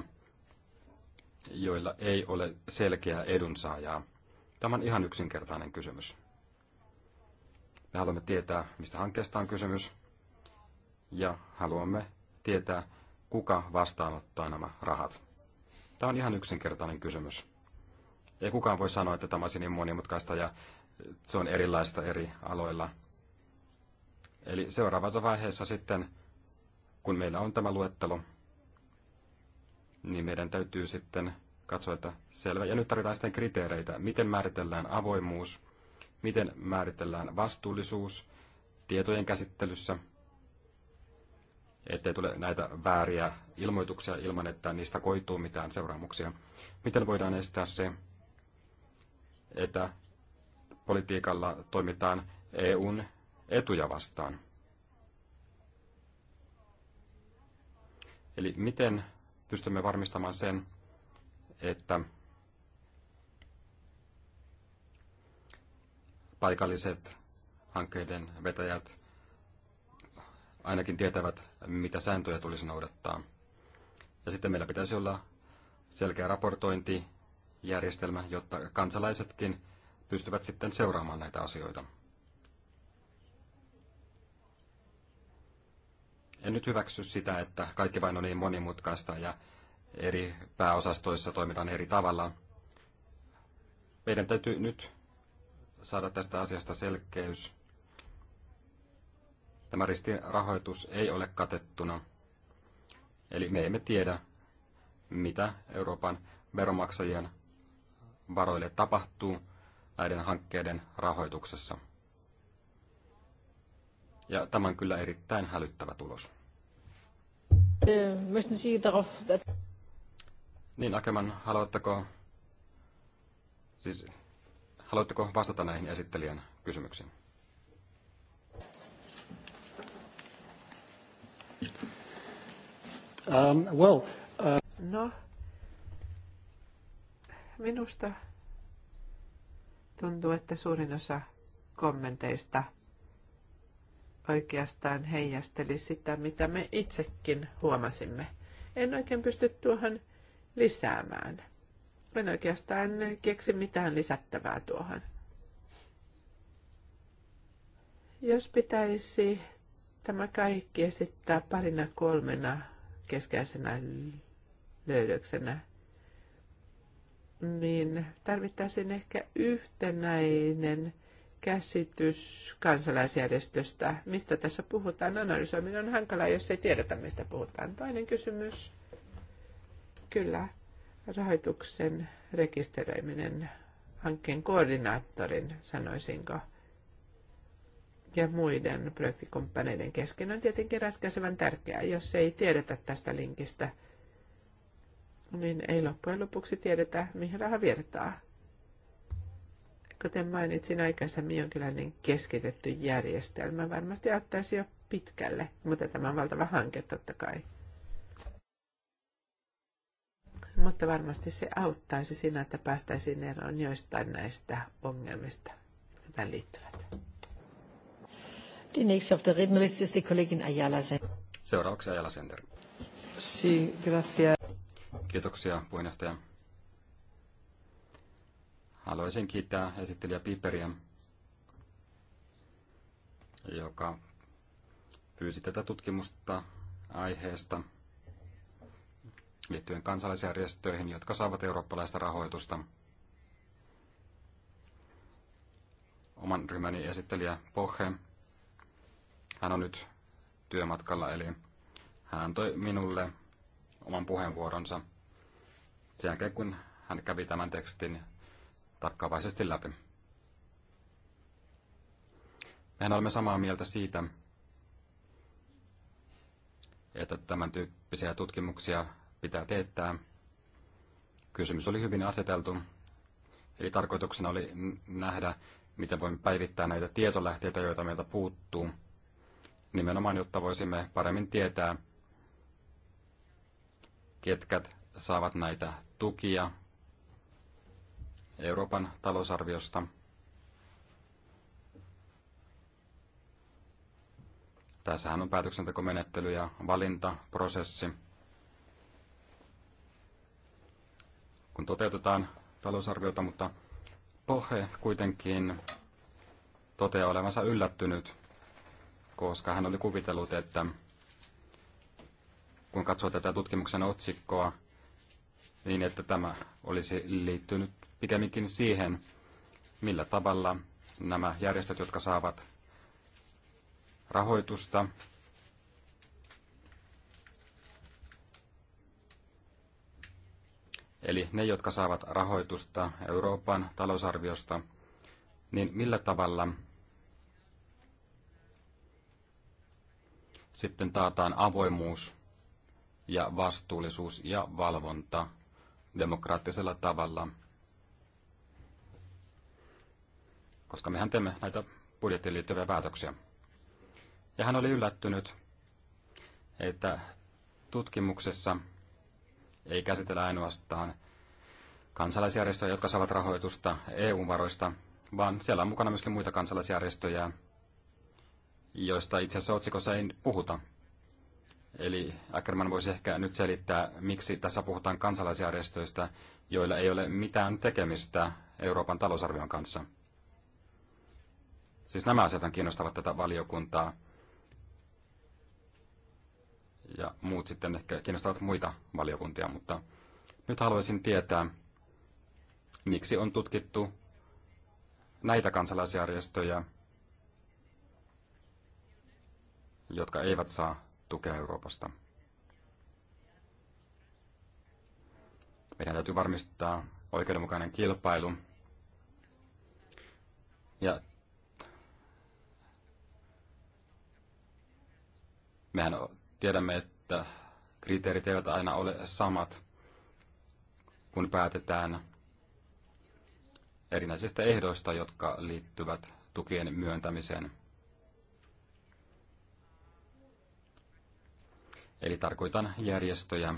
joilla ei ole selkeää edunsaajaa. Tämä on ihan yksinkertainen kysymys. Me haluamme tietää, mistä hankkeesta on kysymys, ja haluamme tietää, kuka vastaanottaa nämä rahat. Tämä on ihan yksinkertainen kysymys. Ei kukaan voi sanoa, että tämä olisi niin monimutkaista ja se on erilaista eri aloilla. Eli seuraavassa vaiheessa sitten, kun meillä on tämä luettelo, niin meidän täytyy sitten katsoa, että selvä. Ja nyt tarvitaan sitten kriteereitä, miten määritellään avoimuus, miten määritellään vastuullisuus tietojen käsittelyssä – ettei tule näitä vääriä ilmoituksia ilman, että niistä koituu mitään seuraamuksia. Miten voidaan estää se, että politiikalla toimitaan EUn etuja vastaan? Eli miten pystymme varmistamaan sen, että paikalliset hankkeiden vetäjät ainakin tietävät, mitä sääntöjä tulisi noudattaa. Ja sitten meillä pitäisi olla selkeä raportointijärjestelmä, jotta kansalaisetkin pystyvät sitten seuraamaan näitä asioita. En nyt hyväksy sitä, että kaikki vain on niin monimutkaista ja eri pääosastoissa toimitaan eri tavalla. Meidän täytyy nyt saada tästä asiasta selkeys Tämä ristirahoitus ei ole katettuna, eli me emme tiedä, mitä Euroopan veromaksajien varoille tapahtuu näiden hankkeiden rahoituksessa. Ja tämä on kyllä erittäin hälyttävä tulos. Niin, Akeman, haluatteko, siis, haluatteko vastata näihin esittelijän kysymyksiin? Um, well, uh... No, minusta tuntuu, että suurin osa kommenteista oikeastaan heijasteli sitä, mitä me itsekin huomasimme. En oikein pysty tuohon lisäämään. En oikeastaan keksi mitään lisättävää tuohon. Jos pitäisi Tämä kaikki esittää parina kolmena keskeisenä löydöksenä. Niin tarvittaisiin ehkä yhtenäinen käsitys kansalaisjärjestöstä. Mistä tässä puhutaan? Analysoiminen on hankala, jos ei tiedetä, mistä puhutaan. Toinen kysymys. Kyllä, rahoituksen rekisteröiminen hankkeen koordinaattorin, sanoisinko ja muiden projektikumppaneiden kesken on tietenkin ratkaisevan tärkeää. Jos ei tiedetä tästä linkistä, niin ei loppujen lopuksi tiedetä, mihin raha virtaa. Kuten mainitsin aikaisemmin, jonkinlainen keskitetty järjestelmä varmasti auttaisi jo pitkälle, mutta tämä on valtava hanke totta kai. Mutta varmasti se auttaisi siinä, että päästäisiin eroon joistain näistä ongelmista, jotka tähän liittyvät. Die nächste Seuraavaksi Ayala Sender. Sí, gracias. Kiitoksia puheenjohtaja. Haluaisin kiittää esittelijä Piperiä, joka pyysi tätä tutkimusta aiheesta liittyen kansalaisjärjestöihin, jotka saavat eurooppalaista rahoitusta. Oman ryhmäni esittelijä Pohe hän on nyt työmatkalla, eli hän antoi minulle oman puheenvuoronsa sen jälkeen, kun hän kävi tämän tekstin tarkkaavaisesti läpi. Mehän olemme samaa mieltä siitä, että tämän tyyppisiä tutkimuksia pitää teettää. Kysymys oli hyvin aseteltu, eli tarkoituksena oli nähdä, miten voimme päivittää näitä tietolähteitä, joita meiltä puuttuu – nimenomaan jotta voisimme paremmin tietää, ketkä saavat näitä tukia Euroopan talousarviosta. Tässähän on päätöksentekomenettely ja valintaprosessi. Kun toteutetaan talousarviota, mutta Pohe kuitenkin toteaa olevansa yllättynyt koska hän oli kuvitellut, että kun katsoo tätä tutkimuksen otsikkoa, niin että tämä olisi liittynyt pikemminkin siihen, millä tavalla nämä järjestöt, jotka saavat rahoitusta, eli ne, jotka saavat rahoitusta Euroopan talousarviosta, niin millä tavalla Sitten taataan avoimuus ja vastuullisuus ja valvonta demokraattisella tavalla, koska mehän teemme näitä budjettiin liittyviä päätöksiä. Ja hän oli yllättynyt, että tutkimuksessa ei käsitellä ainoastaan kansalaisjärjestöjä, jotka saavat rahoitusta EU-varoista, vaan siellä on mukana myöskin muita kansalaisjärjestöjä, joista itse asiassa otsikossa ei puhuta. Eli Ackerman voisi ehkä nyt selittää, miksi tässä puhutaan kansalaisjärjestöistä, joilla ei ole mitään tekemistä Euroopan talousarvion kanssa. Siis nämä asiat kiinnostavat tätä valiokuntaa. Ja muut sitten ehkä kiinnostavat muita valiokuntia, mutta nyt haluaisin tietää, miksi on tutkittu näitä kansalaisjärjestöjä jotka eivät saa tukea Euroopasta. Meidän täytyy varmistaa oikeudenmukainen kilpailu. Ja mehän tiedämme, että kriteerit eivät aina ole samat, kun päätetään erinäisistä ehdoista, jotka liittyvät tukien myöntämiseen. Eli tarkoitan järjestöjä,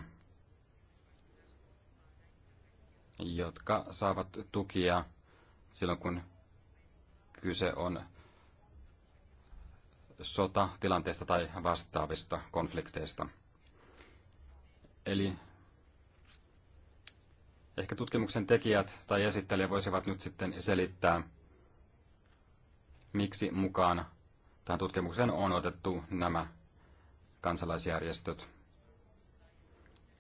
jotka saavat tukia silloin, kun kyse on sotatilanteesta tai vastaavista konflikteista. Eli ehkä tutkimuksen tekijät tai esittelijä voisivat nyt sitten selittää, miksi mukaan tähän tutkimukseen on otettu nämä kansalaisjärjestöt,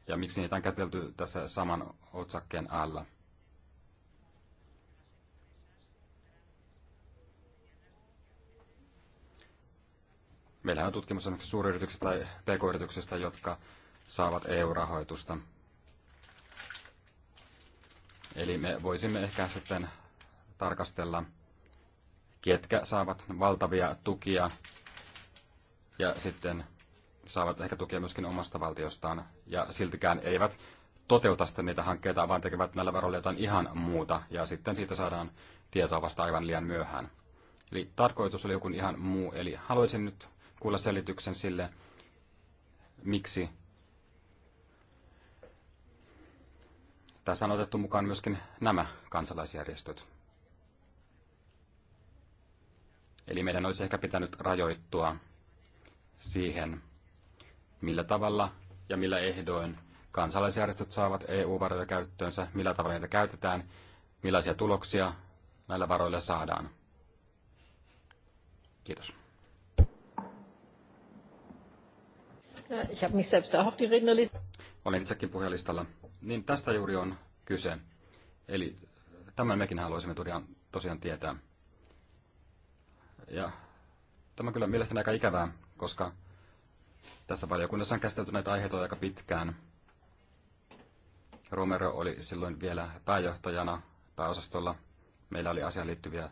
ja miksi niitä on käsitelty tässä saman otsakkeen alla. Meillähän on tutkimus esimerkiksi suuryrityksistä tai pk-yrityksistä, jotka saavat EU-rahoitusta. Eli me voisimme ehkä sitten tarkastella, ketkä saavat valtavia tukia ja sitten saavat ehkä tukea myöskin omasta valtiostaan, ja siltikään eivät toteuta sitten niitä hankkeita, vaan tekevät näillä varoilla jotain ihan muuta, ja sitten siitä saadaan tietoa vasta aivan liian myöhään. Eli tarkoitus oli joku ihan muu, eli haluaisin nyt kuulla selityksen sille, miksi tässä on otettu mukaan myöskin nämä kansalaisjärjestöt. Eli meidän olisi ehkä pitänyt rajoittua siihen, millä tavalla ja millä ehdoin kansalaisjärjestöt saavat EU-varoja käyttöönsä, millä tavalla niitä käytetään, millaisia tuloksia näillä varoilla saadaan. Kiitos. Olen itsekin puhelistalla. Niin tästä juuri on kyse. Eli tämän mekin haluaisimme tosiaan, tosiaan tietää. Ja tämä on kyllä mielestäni aika ikävää, koska tässä valiokunnassa on käsitelty näitä aiheita aika pitkään. Romero oli silloin vielä pääjohtajana pääosastolla. Meillä oli asiaan liittyviä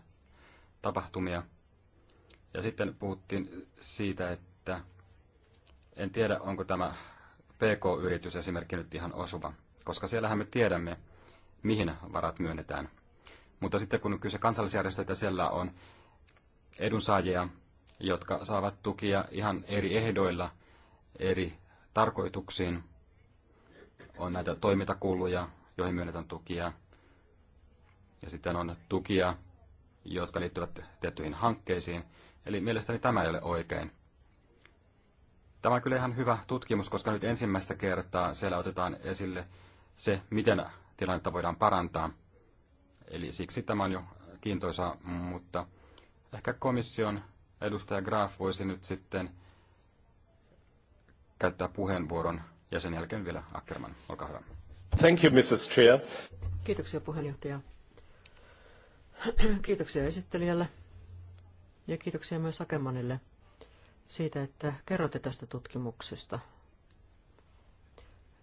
tapahtumia. Ja sitten puhuttiin siitä, että en tiedä, onko tämä PK-yritys esimerkki nyt ihan osuva, koska siellähän me tiedämme, mihin varat myönnetään. Mutta sitten kun kyse kansallisjärjestöitä, siellä on edunsaajia, jotka saavat tukia ihan eri ehdoilla eri tarkoituksiin. On näitä toimintakuluja, joihin myönnetään tukia. Ja sitten on tukia, jotka liittyvät tiettyihin hankkeisiin. Eli mielestäni tämä ei ole oikein. Tämä on kyllä ihan hyvä tutkimus, koska nyt ensimmäistä kertaa siellä otetaan esille se, miten tilannetta voidaan parantaa. Eli siksi tämä on jo kiintoisaa, mutta ehkä komission edustaja Graf voisi nyt sitten käyttää puheenvuoron ja sen jälkeen vielä Ackerman. Olkaa hyvä. Thank you, Mrs. Chair. Kiitoksia puheenjohtaja. Kiitoksia esittelijälle ja kiitoksia myös Akemanille siitä, että kerrotte tästä tutkimuksesta.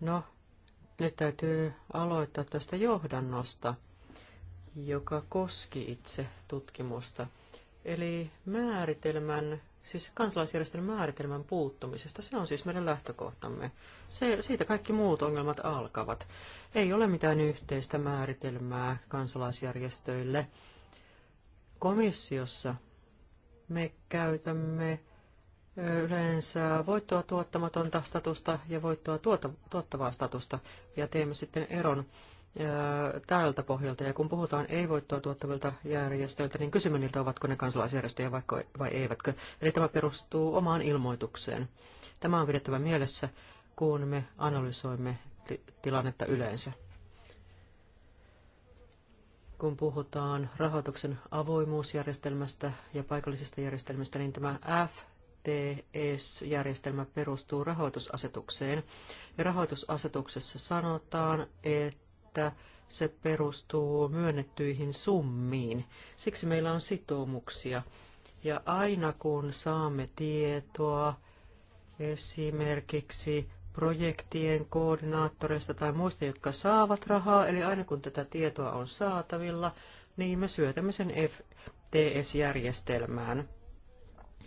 No, nyt täytyy aloittaa tästä johdannosta, joka koski itse tutkimusta. Eli määritelmän siis kansalaisjärjestelmän määritelmän puuttumisesta. Se on siis meidän lähtökohtamme. Se, siitä kaikki muut ongelmat alkavat. Ei ole mitään yhteistä määritelmää kansalaisjärjestöille. Komissiossa me käytämme yleensä voittoa tuottamatonta statusta ja voittoa tuota, tuottavaa statusta ja teemme sitten eron tältä pohjalta. Ja kun puhutaan ei-voittoa tuottavilta järjestöiltä, niin kysymme niiltä, ovatko ne kansalaisjärjestöjä vaikka, vai eivätkö. Eli tämä perustuu omaan ilmoitukseen. Tämä on pidettävä mielessä, kun me analysoimme tilannetta yleensä. Kun puhutaan rahoituksen avoimuusjärjestelmästä ja paikallisista järjestelmistä, niin tämä F tes järjestelmä perustuu rahoitusasetukseen. Ja rahoitusasetuksessa sanotaan, että että se perustuu myönnettyihin summiin. Siksi meillä on sitoumuksia. Ja aina kun saamme tietoa esimerkiksi projektien koordinaattoreista tai muista, jotka saavat rahaa, eli aina kun tätä tietoa on saatavilla, niin me syötämme sen FTS-järjestelmään.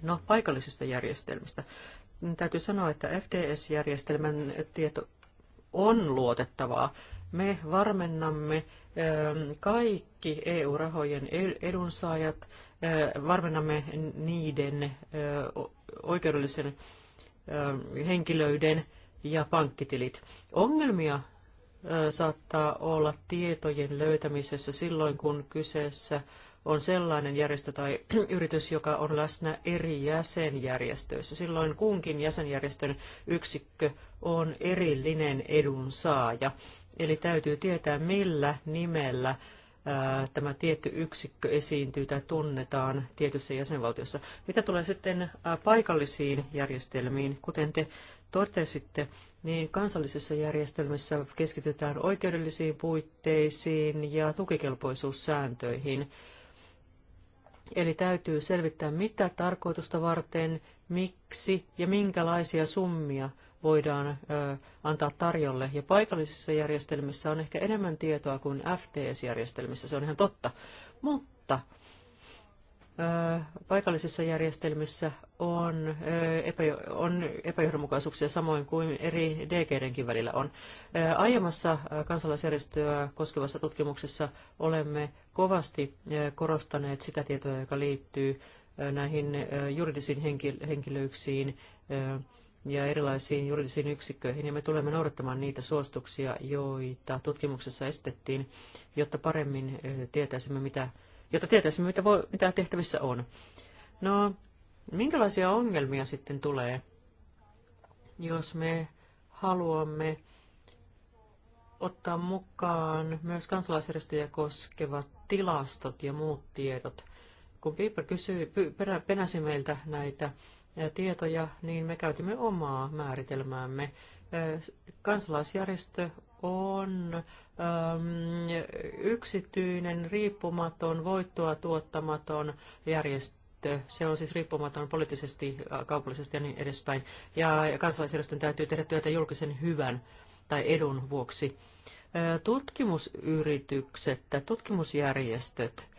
No, paikallisista järjestelmistä. Täytyy sanoa, että FTS-järjestelmän tieto on luotettavaa, me varmennamme ähm, kaikki EU-rahojen edunsaajat, äh, varmennamme niiden äh, oikeudellisen äh, henkilöiden ja pankkitilit. Ongelmia saattaa olla tietojen löytämisessä silloin, kun kyseessä on sellainen järjestö tai yritys, joka on läsnä eri jäsenjärjestöissä. Silloin kunkin jäsenjärjestön yksikkö on erillinen edunsaaja. Eli täytyy tietää, millä nimellä tämä tietty yksikkö esiintyy tai tunnetaan tietyssä jäsenvaltiossa. Mitä tulee sitten paikallisiin järjestelmiin, kuten te totesitte, niin kansallisissa järjestelmissä keskitytään oikeudellisiin puitteisiin ja tukikelpoisuussääntöihin. Eli täytyy selvittää, mitä tarkoitusta varten, miksi ja minkälaisia summia voidaan antaa tarjolle. Ja paikallisissa järjestelmissä on ehkä enemmän tietoa kuin FTS-järjestelmissä, se on ihan totta. Mutta paikallisissa järjestelmissä on, epä, on epäjohdonmukaisuuksia samoin kuin eri DGdenkin välillä on. Aiemmassa kansalaisjärjestöä koskevassa tutkimuksessa olemme kovasti korostaneet sitä tietoa, joka liittyy näihin juridisiin henkilöyksiin, ja erilaisiin juridisiin yksikköihin, ja me tulemme noudattamaan niitä suostuksia, joita tutkimuksessa estettiin, jotta paremmin tietäisimme, mitä, jotta tietäisimme, mitä, voi, mitä tehtävissä on. No, minkälaisia ongelmia sitten tulee, jos me haluamme ottaa mukaan myös kansalaisjärjestöjä koskevat tilastot ja muut tiedot. Kun Piper kysyi, penäsi meiltä näitä tietoja, niin me käytimme omaa määritelmäämme. Kansalaisjärjestö on yksityinen, riippumaton, voittoa tuottamaton järjestö. Se on siis riippumaton poliittisesti, kaupallisesti ja niin edespäin. Ja kansalaisjärjestön täytyy tehdä työtä julkisen hyvän tai edun vuoksi. Tutkimusyritykset tai tutkimusjärjestöt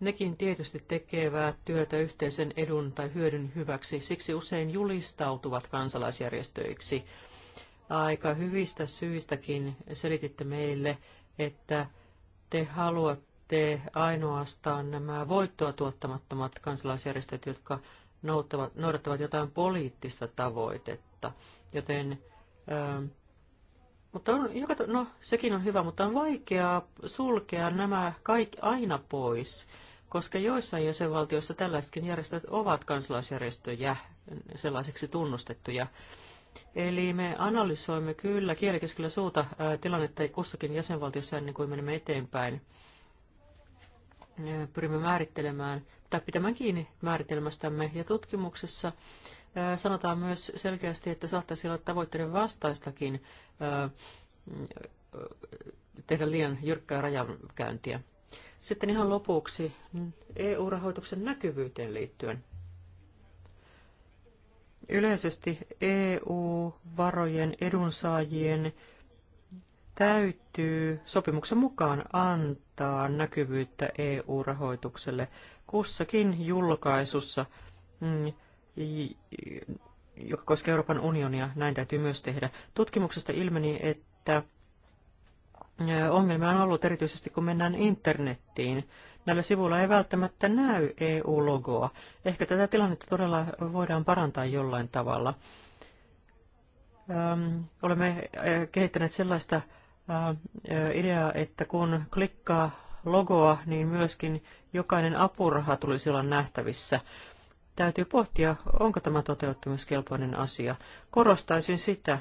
Nekin tietysti tekevät työtä yhteisen edun tai hyödyn hyväksi, siksi usein julistautuvat kansalaisjärjestöiksi. Aika hyvistä syistäkin selititte meille, että te haluatte ainoastaan nämä voittoa tuottamattomat kansalaisjärjestöt, jotka noudattavat, noudattavat jotain poliittista tavoitetta. Joten, ähm, mutta on, joka, no, sekin on hyvä, mutta on vaikeaa sulkea nämä kaikki aina pois koska joissain jäsenvaltioissa tällaisetkin järjestöt ovat kansalaisjärjestöjä, sellaiseksi tunnustettuja. Eli me analysoimme kyllä kielikeskellä suuta tilannetta kussakin jäsenvaltiossa ennen kuin menemme eteenpäin. Pyrimme määrittelemään tai pitämään kiinni määritelmästämme. Ja tutkimuksessa sanotaan myös selkeästi, että saattaisi olla tavoitteiden vastaistakin tehdä liian jyrkkää rajankäyntiä. Sitten ihan lopuksi EU-rahoituksen näkyvyyteen liittyen. Yleisesti EU-varojen edunsaajien täytyy sopimuksen mukaan antaa näkyvyyttä EU-rahoitukselle kussakin julkaisussa, mm, joka koskee Euroopan unionia. Näin täytyy myös tehdä. Tutkimuksesta ilmeni, että ongelmia on ollut erityisesti, kun mennään internettiin. Näillä sivuilla ei välttämättä näy EU-logoa. Ehkä tätä tilannetta todella voidaan parantaa jollain tavalla. Olemme kehittäneet sellaista ideaa, että kun klikkaa logoa, niin myöskin jokainen apuraha tulisi olla nähtävissä. Täytyy pohtia, onko tämä toteuttamiskelpoinen asia. Korostaisin sitä,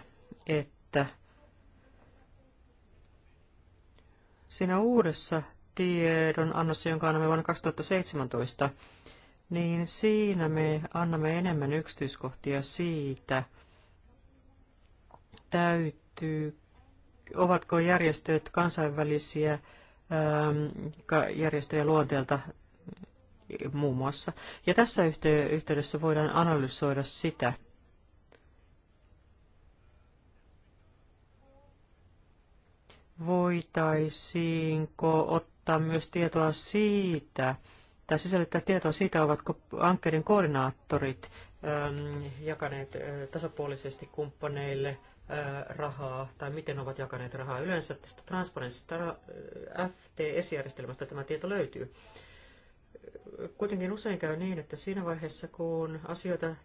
että siinä uudessa tiedonannossa, jonka annamme vuonna 2017, niin siinä me annamme enemmän yksityiskohtia siitä, täytyy, ovatko järjestöt kansainvälisiä ähm, järjestöjä luonteelta muun muassa. Ja tässä yhteydessä voidaan analysoida sitä, voitaisiinko ottaa myös tietoa siitä, tai sisällyttää tietoa siitä, ovatko hankkeiden koordinaattorit ähm, jakaneet äh, tasapuolisesti kumppaneille äh, rahaa, tai miten ovat jakaneet rahaa. Yleensä tästä transparenssista äh, FTS-järjestelmästä tämä tieto löytyy. Kuitenkin usein käy niin, että siinä vaiheessa, kun asioita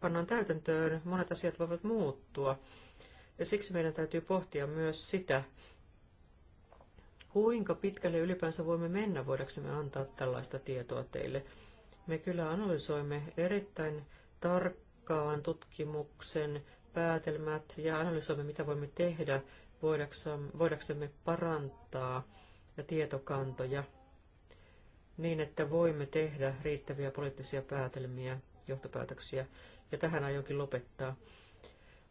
pannaan täytäntöön, monet asiat voivat muuttua. Ja siksi meidän täytyy pohtia myös sitä, kuinka pitkälle ylipäänsä voimme mennä, voidaksemme antaa tällaista tietoa teille. Me kyllä analysoimme erittäin tarkkaan tutkimuksen päätelmät ja analysoimme, mitä voimme tehdä, voidaksemme parantaa tietokantoja niin, että voimme tehdä riittäviä poliittisia päätelmiä, johtopäätöksiä. Ja tähän aionkin lopettaa.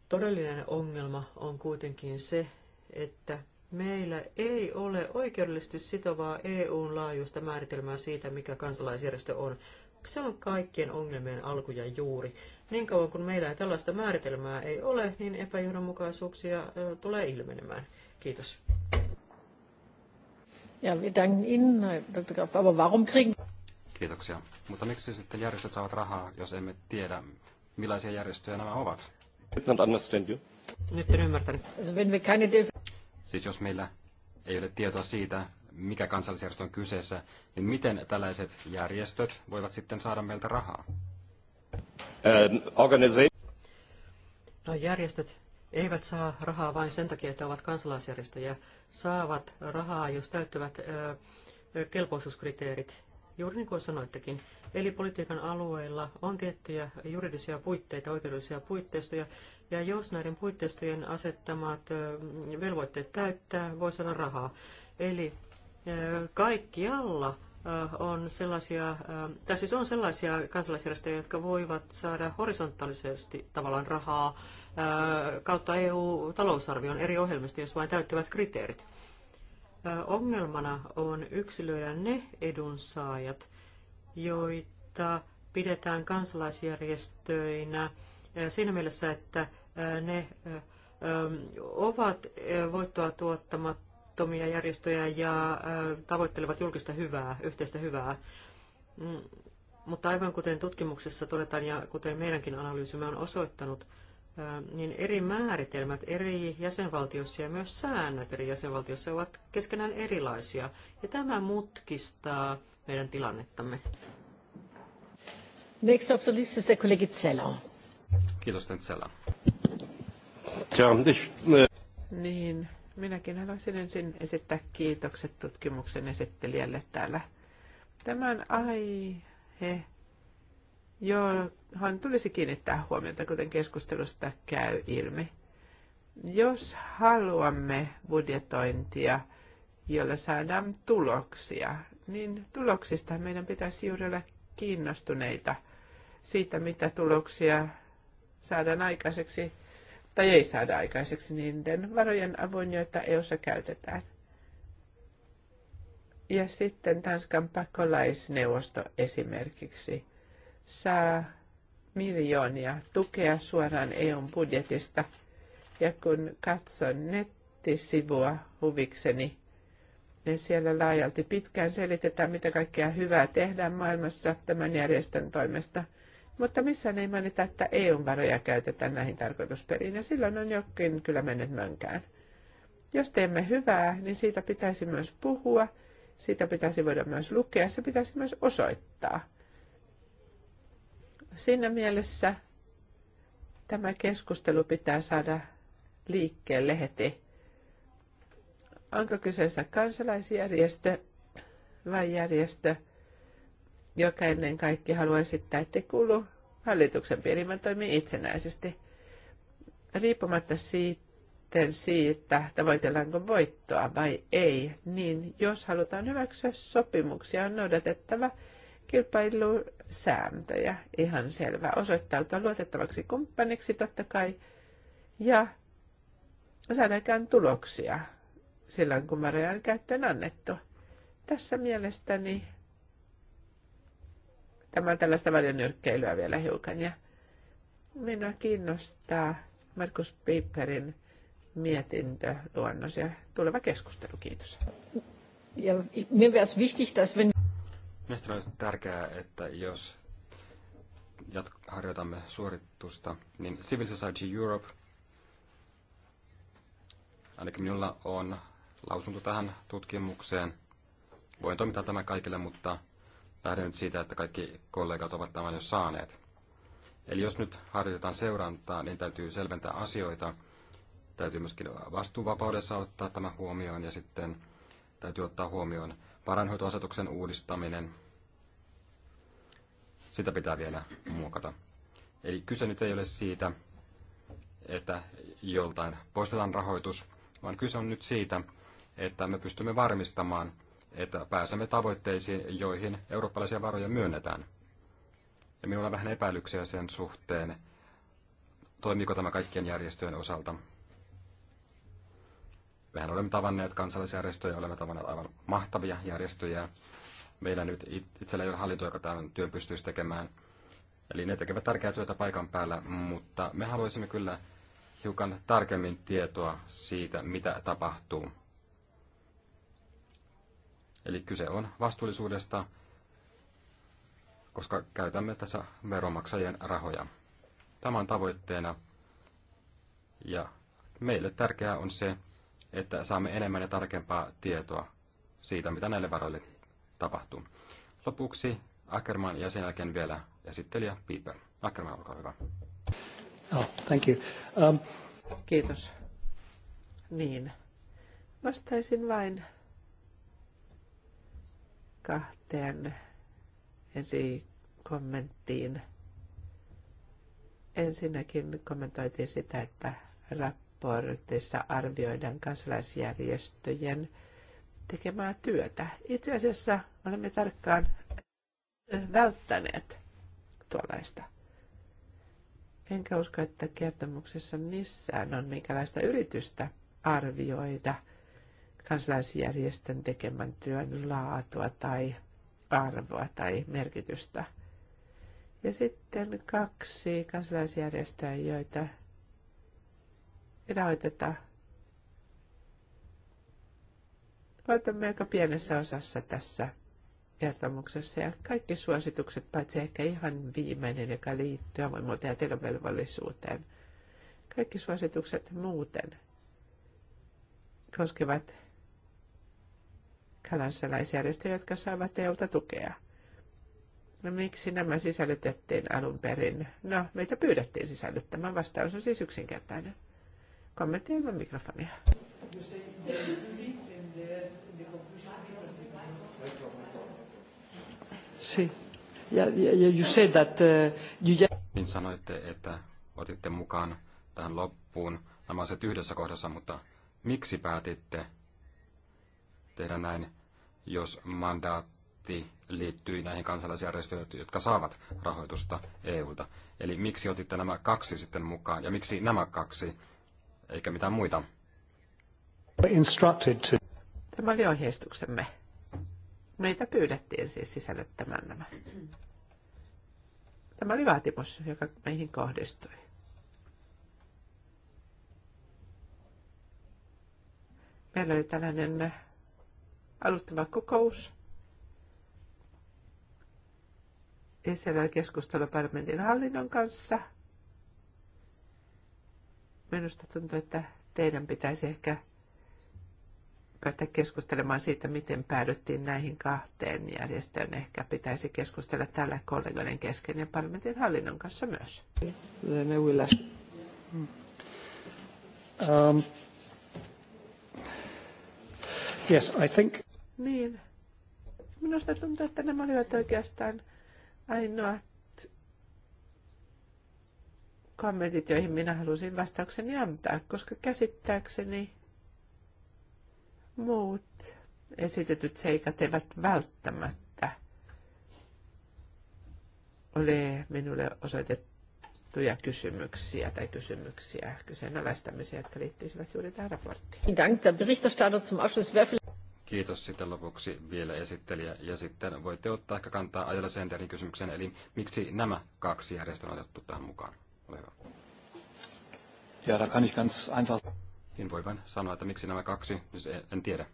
Todellinen ongelma on kuitenkin se, että meillä ei ole oikeudellisesti sitovaa EUn laajuista määritelmää siitä, mikä kansalaisjärjestö on. Se on kaikkien ongelmien alku ja juuri. Niin kauan kuin meillä ei tällaista määritelmää ei ole, niin epäjohdonmukaisuuksia tulee ilmenemään. Kiitos. Ja Dr. Graf. Aber warum kriegen... Kiitoksia. Mutta miksi sitten järjestöt saavat rahaa, jos emme tiedä, millaisia järjestöjä nämä ovat? Nyt en ymmärtänyt. Siis jos meillä ei ole tietoa siitä, mikä kansallisjärjestö on kyseessä, niin miten tällaiset järjestöt voivat sitten saada meiltä rahaa? Ähm, no järjestöt eivät saa rahaa vain sen takia, että ovat kansalaisjärjestöjä. Saavat rahaa, jos täyttävät kelpoisuuskriteerit, juuri niin kuin sanoittekin. Eli politiikan alueilla on tiettyjä juridisia puitteita, oikeudellisia puitteistoja, ja jos näiden puitteistojen asettamat velvoitteet täyttää, voi saada rahaa. Eli kaikkialla on sellaisia, tai siis on sellaisia kansalaisjärjestöjä, jotka voivat saada horisontaalisesti tavallaan rahaa kautta EU-talousarvion eri ohjelmista, jos vain täyttävät kriteerit. Ongelmana on yksilöidä ne edunsaajat, joita pidetään kansalaisjärjestöinä – siinä mielessä, että ne ovat voittoa tuottamattomia järjestöjä ja tavoittelevat julkista hyvää, yhteistä hyvää. Mm, mutta aivan kuten tutkimuksessa todetaan ja kuten meidänkin analyysimme on osoittanut, niin eri määritelmät eri jäsenvaltiossa ja myös säännöt eri jäsenvaltiossa ovat keskenään erilaisia. Ja tämä mutkistaa meidän tilannettamme. Next of the list is the colleague Zeller. Kiitos Tentsellä. Äh, niin, minäkin haluaisin ensin esittää kiitokset tutkimuksen esittelijälle täällä. Tämän aihe, johon tulisi kiinnittää huomiota, kuten keskustelusta käy ilmi. Jos haluamme budjetointia, jolla saadaan tuloksia, niin tuloksista meidän pitäisi juuri olla kiinnostuneita siitä, mitä tuloksia saadaan aikaiseksi tai ei saada aikaiseksi niiden varojen avuin, joita EUssa käytetään. Ja sitten Tanskan pakolaisneuvosto esimerkiksi saa miljoonia tukea suoraan EUn budjetista. Ja kun katson nettisivua huvikseni, niin siellä laajalti pitkään selitetään, mitä kaikkea hyvää tehdään maailmassa tämän järjestön toimesta – mutta missään ei mainita, että eu varoja käytetään näihin tarkoitusperiin, ja silloin on jokin kyllä mennyt mönkään. Jos teemme hyvää, niin siitä pitäisi myös puhua, siitä pitäisi voida myös lukea, se pitäisi myös osoittaa. Siinä mielessä tämä keskustelu pitää saada liikkeelle heti. Onko kyseessä kansalaisjärjestö vai järjestö, joka ennen kaikkea haluan esittää, että kuulu hallituksen piiriin, toimii itsenäisesti. Riippumatta siitä, siitä, tavoitellaanko voittoa vai ei, niin jos halutaan hyväksyä sopimuksia, on noudatettava kilpailusääntöjä. Ihan selvä. Osoittautua luotettavaksi kumppaniksi totta kai. Ja saadaan tuloksia silloin, kun Marjan käyttöön annettu. Tässä mielestäni Tämä on tällaista välionyrkkeilyä vielä hiukan. Ja minua kiinnostaa Markus Piperin mietintö, luonnos ja tuleva keskustelu. Kiitos. Ja Mielestäni olisi tärkeää, että jos harjoitamme suoritusta, niin Civil Society Europe, ainakin minulla on lausunto tähän tutkimukseen. Voin toimittaa tämän kaikille, mutta lähden nyt siitä, että kaikki kollegat ovat tämän jo saaneet. Eli jos nyt harjoitetaan seurantaa, niin täytyy selventää asioita. Täytyy myöskin vastuuvapaudessa ottaa tämä huomioon ja sitten täytyy ottaa huomioon varainhoitoasetuksen uudistaminen. Sitä pitää vielä muokata. Eli kyse nyt ei ole siitä, että joltain poistetaan rahoitus, vaan kyse on nyt siitä, että me pystymme varmistamaan, että pääsemme tavoitteisiin, joihin eurooppalaisia varoja myönnetään. Ja minulla on vähän epäilyksiä sen suhteen, toimiiko tämä kaikkien järjestöjen osalta. Mehän olemme tavanneet kansalaisjärjestöjä, olemme tavanneet aivan mahtavia järjestöjä. Meillä nyt itsellä ei ole hallinto, joka tämän työn pystyisi tekemään. Eli ne tekevät tärkeää työtä paikan päällä, mutta me haluaisimme kyllä hiukan tarkemmin tietoa siitä, mitä tapahtuu. Eli kyse on vastuullisuudesta, koska käytämme tässä veronmaksajien rahoja. Tämä on tavoitteena. Ja meille tärkeää on se, että saamme enemmän ja tarkempaa tietoa siitä, mitä näille varoille tapahtuu. Lopuksi Ackerman ja sen jälkeen vielä esittelijä Piper. Ackerman, olkaa hyvä. Oh, thank you. Um... Kiitos. Niin. Vastaisin vain kahteen eri kommenttiin. Ensinnäkin kommentoitiin sitä, että raportissa arvioidaan kansalaisjärjestöjen tekemää työtä. Itse asiassa olemme tarkkaan välttäneet tuollaista. Enkä usko, että kertomuksessa missään on minkälaista yritystä arvioida – kansalaisjärjestön tekemän työn laatua tai arvoa tai merkitystä. Ja sitten kaksi kansalaisjärjestöä, joita rahoitetaan. Olemme aika pienessä osassa tässä kertomuksessa ja kaikki suositukset, paitsi ehkä ihan viimeinen, joka liittyy avoimuuteen ja televelvollisuuteen. Kaikki suositukset muuten koskevat kansalaisjärjestöjä, jotka saavat EUlta tukea. No miksi nämä sisällytettiin alun perin? No, meitä pyydettiin sisällyttämään. Vastaus on siis yksinkertainen. Kommentti ilman mikrofonia. Si. Ja, you said that, uh, Niin sanoitte, että otitte mukaan tähän loppuun nämä asiat yhdessä kohdassa, mutta miksi päätitte tehdä näin, jos mandaatti liittyy näihin kansalaisjärjestöihin, jotka saavat rahoitusta EUlta. Eli miksi otitte nämä kaksi sitten mukaan ja miksi nämä kaksi, eikä mitään muita? Tämä oli ohjeistuksemme. Meitä pyydettiin siis sisällyttämään nämä. Tämä oli vaatimus, joka meihin kohdistui. Meillä oli tällainen aloittava kokous. Ja siellä keskustella parlamentin hallinnon kanssa. Minusta tuntuu, että teidän pitäisi ehkä päästä keskustelemaan siitä, miten päädyttiin näihin kahteen järjestöön. Ehkä pitäisi keskustella tällä kollegoiden kesken ja parlamentin hallinnon kanssa myös. Um, yes, I think niin. Minusta tuntuu, että nämä olivat oikeastaan ainoat kommentit, joihin minä halusin vastaukseni antaa, koska käsittääkseni muut esitetyt seikat eivät välttämättä ole minulle osoitettuja kysymyksiä tai kysymyksiä kyseenalaistamisia, jotka liittyisivät juuri tähän raporttiin. Kiitos sitten lopuksi vielä esittelijä. Ja sitten voitte ottaa ehkä kantaa Ajala Senderin kysymykseen, eli miksi nämä kaksi järjestöä on otettu tähän mukaan? Ole hyvä. Ja, da kann ich ganz einfach... Niin voi vain sanoa, että miksi nämä kaksi, siis en tiedä.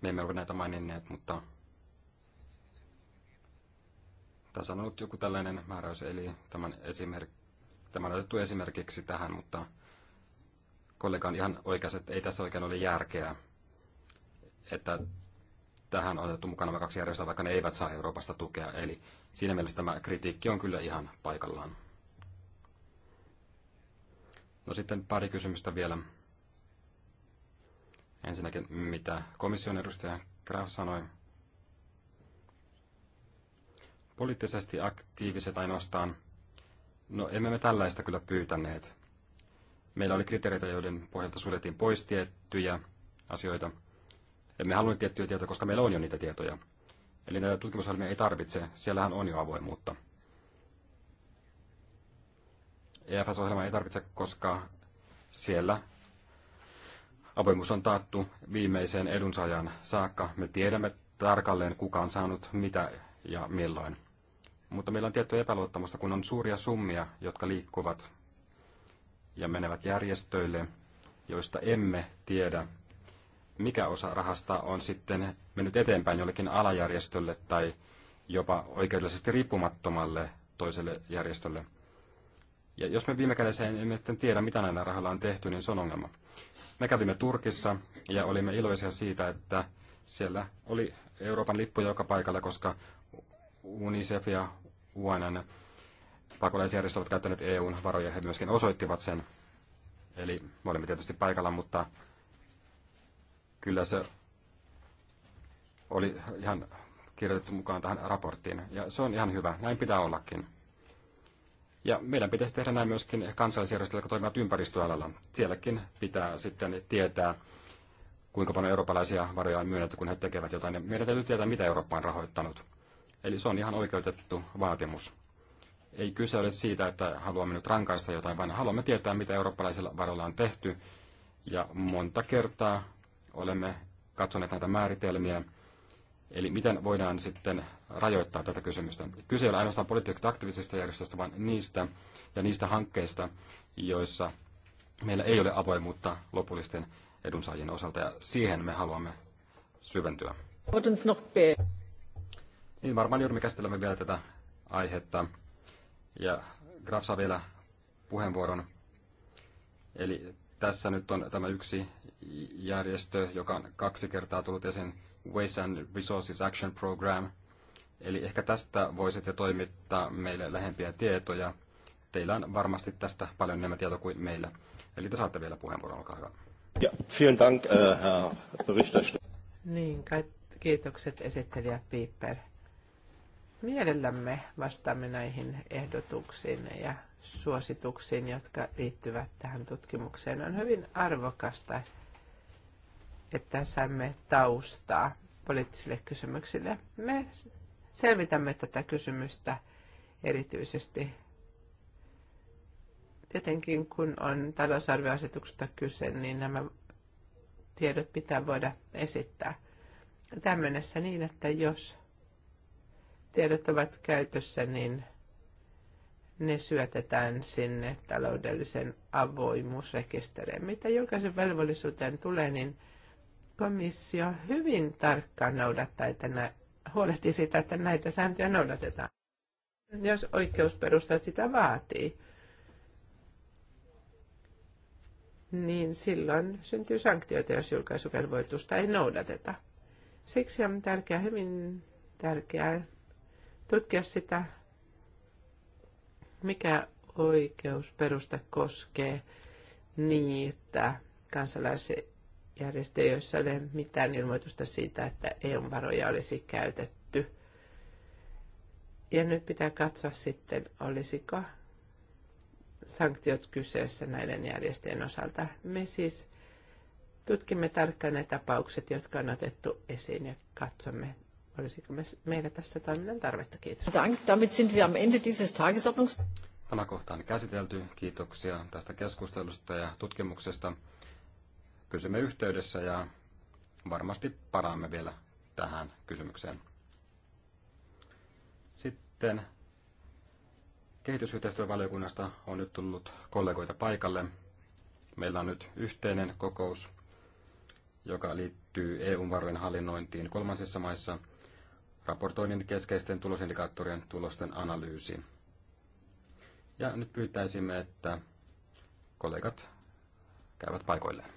Me emme ole näitä maininneet, mutta tässä on ollut joku tällainen määräys, eli tämän, esimerk... tämä on otettu esimerkiksi tähän, mutta kollega on ihan oikeassa, että ei tässä oikein ole järkeä, että tähän on otettu mukana nämä kaksi järjestöä, vaikka ne eivät saa Euroopasta tukea. Eli siinä mielessä tämä kritiikki on kyllä ihan paikallaan. No sitten pari kysymystä vielä. Ensinnäkin, mitä komission edustaja Graf sanoi. Poliittisesti aktiiviset ainoastaan. No emme me tällaista kyllä pyytäneet. Meillä oli kriteereitä, joiden pohjalta suljettiin pois tiettyjä asioita. Emme halunneet tiettyjä tietoja, koska meillä on jo niitä tietoja. Eli näitä tutkimusohjelmia ei tarvitse, siellähän on jo avoimuutta. EFS-ohjelma ei tarvitse, koska siellä avoimuus on taattu viimeiseen edunsaajan saakka. Me tiedämme tarkalleen, kuka on saanut mitä ja milloin. Mutta meillä on tiettyä epäluottamusta, kun on suuria summia, jotka liikkuvat ja menevät järjestöille, joista emme tiedä, mikä osa rahasta on sitten mennyt eteenpäin jollekin alajärjestölle tai jopa oikeudellisesti riippumattomalle toiselle järjestölle. Ja jos me viime kädessä emme sitten tiedä, mitä näillä rahalla on tehty, niin se on ongelma. Me kävimme Turkissa ja olimme iloisia siitä, että siellä oli Euroopan lippu joka paikalla, koska UNICEF ja UNN pakolaisjärjestöt ovat käyttäneet EUn varoja, he myöskin osoittivat sen. Eli me olimme tietysti paikalla, mutta kyllä se oli ihan kirjoitettu mukaan tähän raporttiin. Ja se on ihan hyvä, näin pitää ollakin. Ja meidän pitäisi tehdä näin myöskin kansallisjärjestöillä, jotka toimivat ympäristöalalla. Sielläkin pitää sitten tietää, kuinka paljon eurooppalaisia varoja on myönnetty, kun he tekevät jotain. Ja meidän täytyy tietää, mitä Eurooppa on rahoittanut. Eli se on ihan oikeutettu vaatimus. Ei kyse ole siitä, että haluamme nyt rankaista jotain, vaan haluamme tietää, mitä eurooppalaisilla varoilla on tehty. Ja monta kertaa olemme katsoneet näitä määritelmiä, eli miten voidaan sitten rajoittaa tätä kysymystä. Kyse ei ole ainoastaan poliittisesta aktiivisesta järjestöstä, vaan niistä ja niistä hankkeista, joissa meillä ei ole avoimuutta lopullisten edunsaajien osalta, ja siihen me haluamme syventyä. Niin varmaan juuri me käsittelemme vielä tätä aihetta ja Graf saa vielä puheenvuoron. Eli tässä nyt on tämä yksi järjestö, joka on kaksi kertaa tullut esiin, Waste and Resources Action Program. Eli ehkä tästä voisitte toimittaa meille lähempiä tietoja. Teillä on varmasti tästä paljon enemmän tietoa kuin meillä. Eli te saatte vielä puheenvuoron, olkaa hyvä. Ja, vielen dank, äh, Herr Niin, kiitokset esittelijä Piper mielellämme vastaamme näihin ehdotuksiin ja suosituksiin, jotka liittyvät tähän tutkimukseen. On hyvin arvokasta, että saamme taustaa poliittisille kysymyksille. Me selvitämme tätä kysymystä erityisesti tietenkin, kun on talousarvioasetuksesta kyse, niin nämä tiedot pitää voida esittää. Tähän mennessä niin, että jos tiedot ovat käytössä, niin ne syötetään sinne taloudellisen avoimuusrekisteriin. Mitä julkaisen velvollisuuteen tulee, niin komissio hyvin tarkkaan noudattaa, että nä- huolehtii sitä, että näitä sääntöjä noudatetaan, jos oikeusperusta sitä vaatii. niin silloin syntyy sanktioita, jos julkaisuvelvoitusta ei noudateta. Siksi on tärkeää, hyvin tärkeää tutkia sitä, mikä oikeusperusta koskee niitä kansalaisjärjestöjä, joissa ei ole mitään ilmoitusta siitä, että EU-varoja olisi käytetty. Ja nyt pitää katsoa sitten, olisiko sanktiot kyseessä näiden järjestöjen osalta. Me siis tutkimme tarkkaan ne tapaukset, jotka on otettu esiin ja katsomme, olisiko meillä tässä toiminnan tarvetta. Kiitos. Dank. Damit sind wir am Ende dieses Tagesordnungs... Tämä kohta on käsitelty. Kiitoksia tästä keskustelusta ja tutkimuksesta. Pysymme yhteydessä ja varmasti paraamme vielä tähän kysymykseen. Sitten kehitysyhteistyövaliokunnasta on nyt tullut kollegoita paikalle. Meillä on nyt yhteinen kokous, joka liittyy EU-varojen hallinnointiin kolmansissa maissa – raportoinnin keskeisten tulosindikaattorien tulosten analyysi. Ja nyt pyytäisimme, että kollegat käyvät paikoilleen.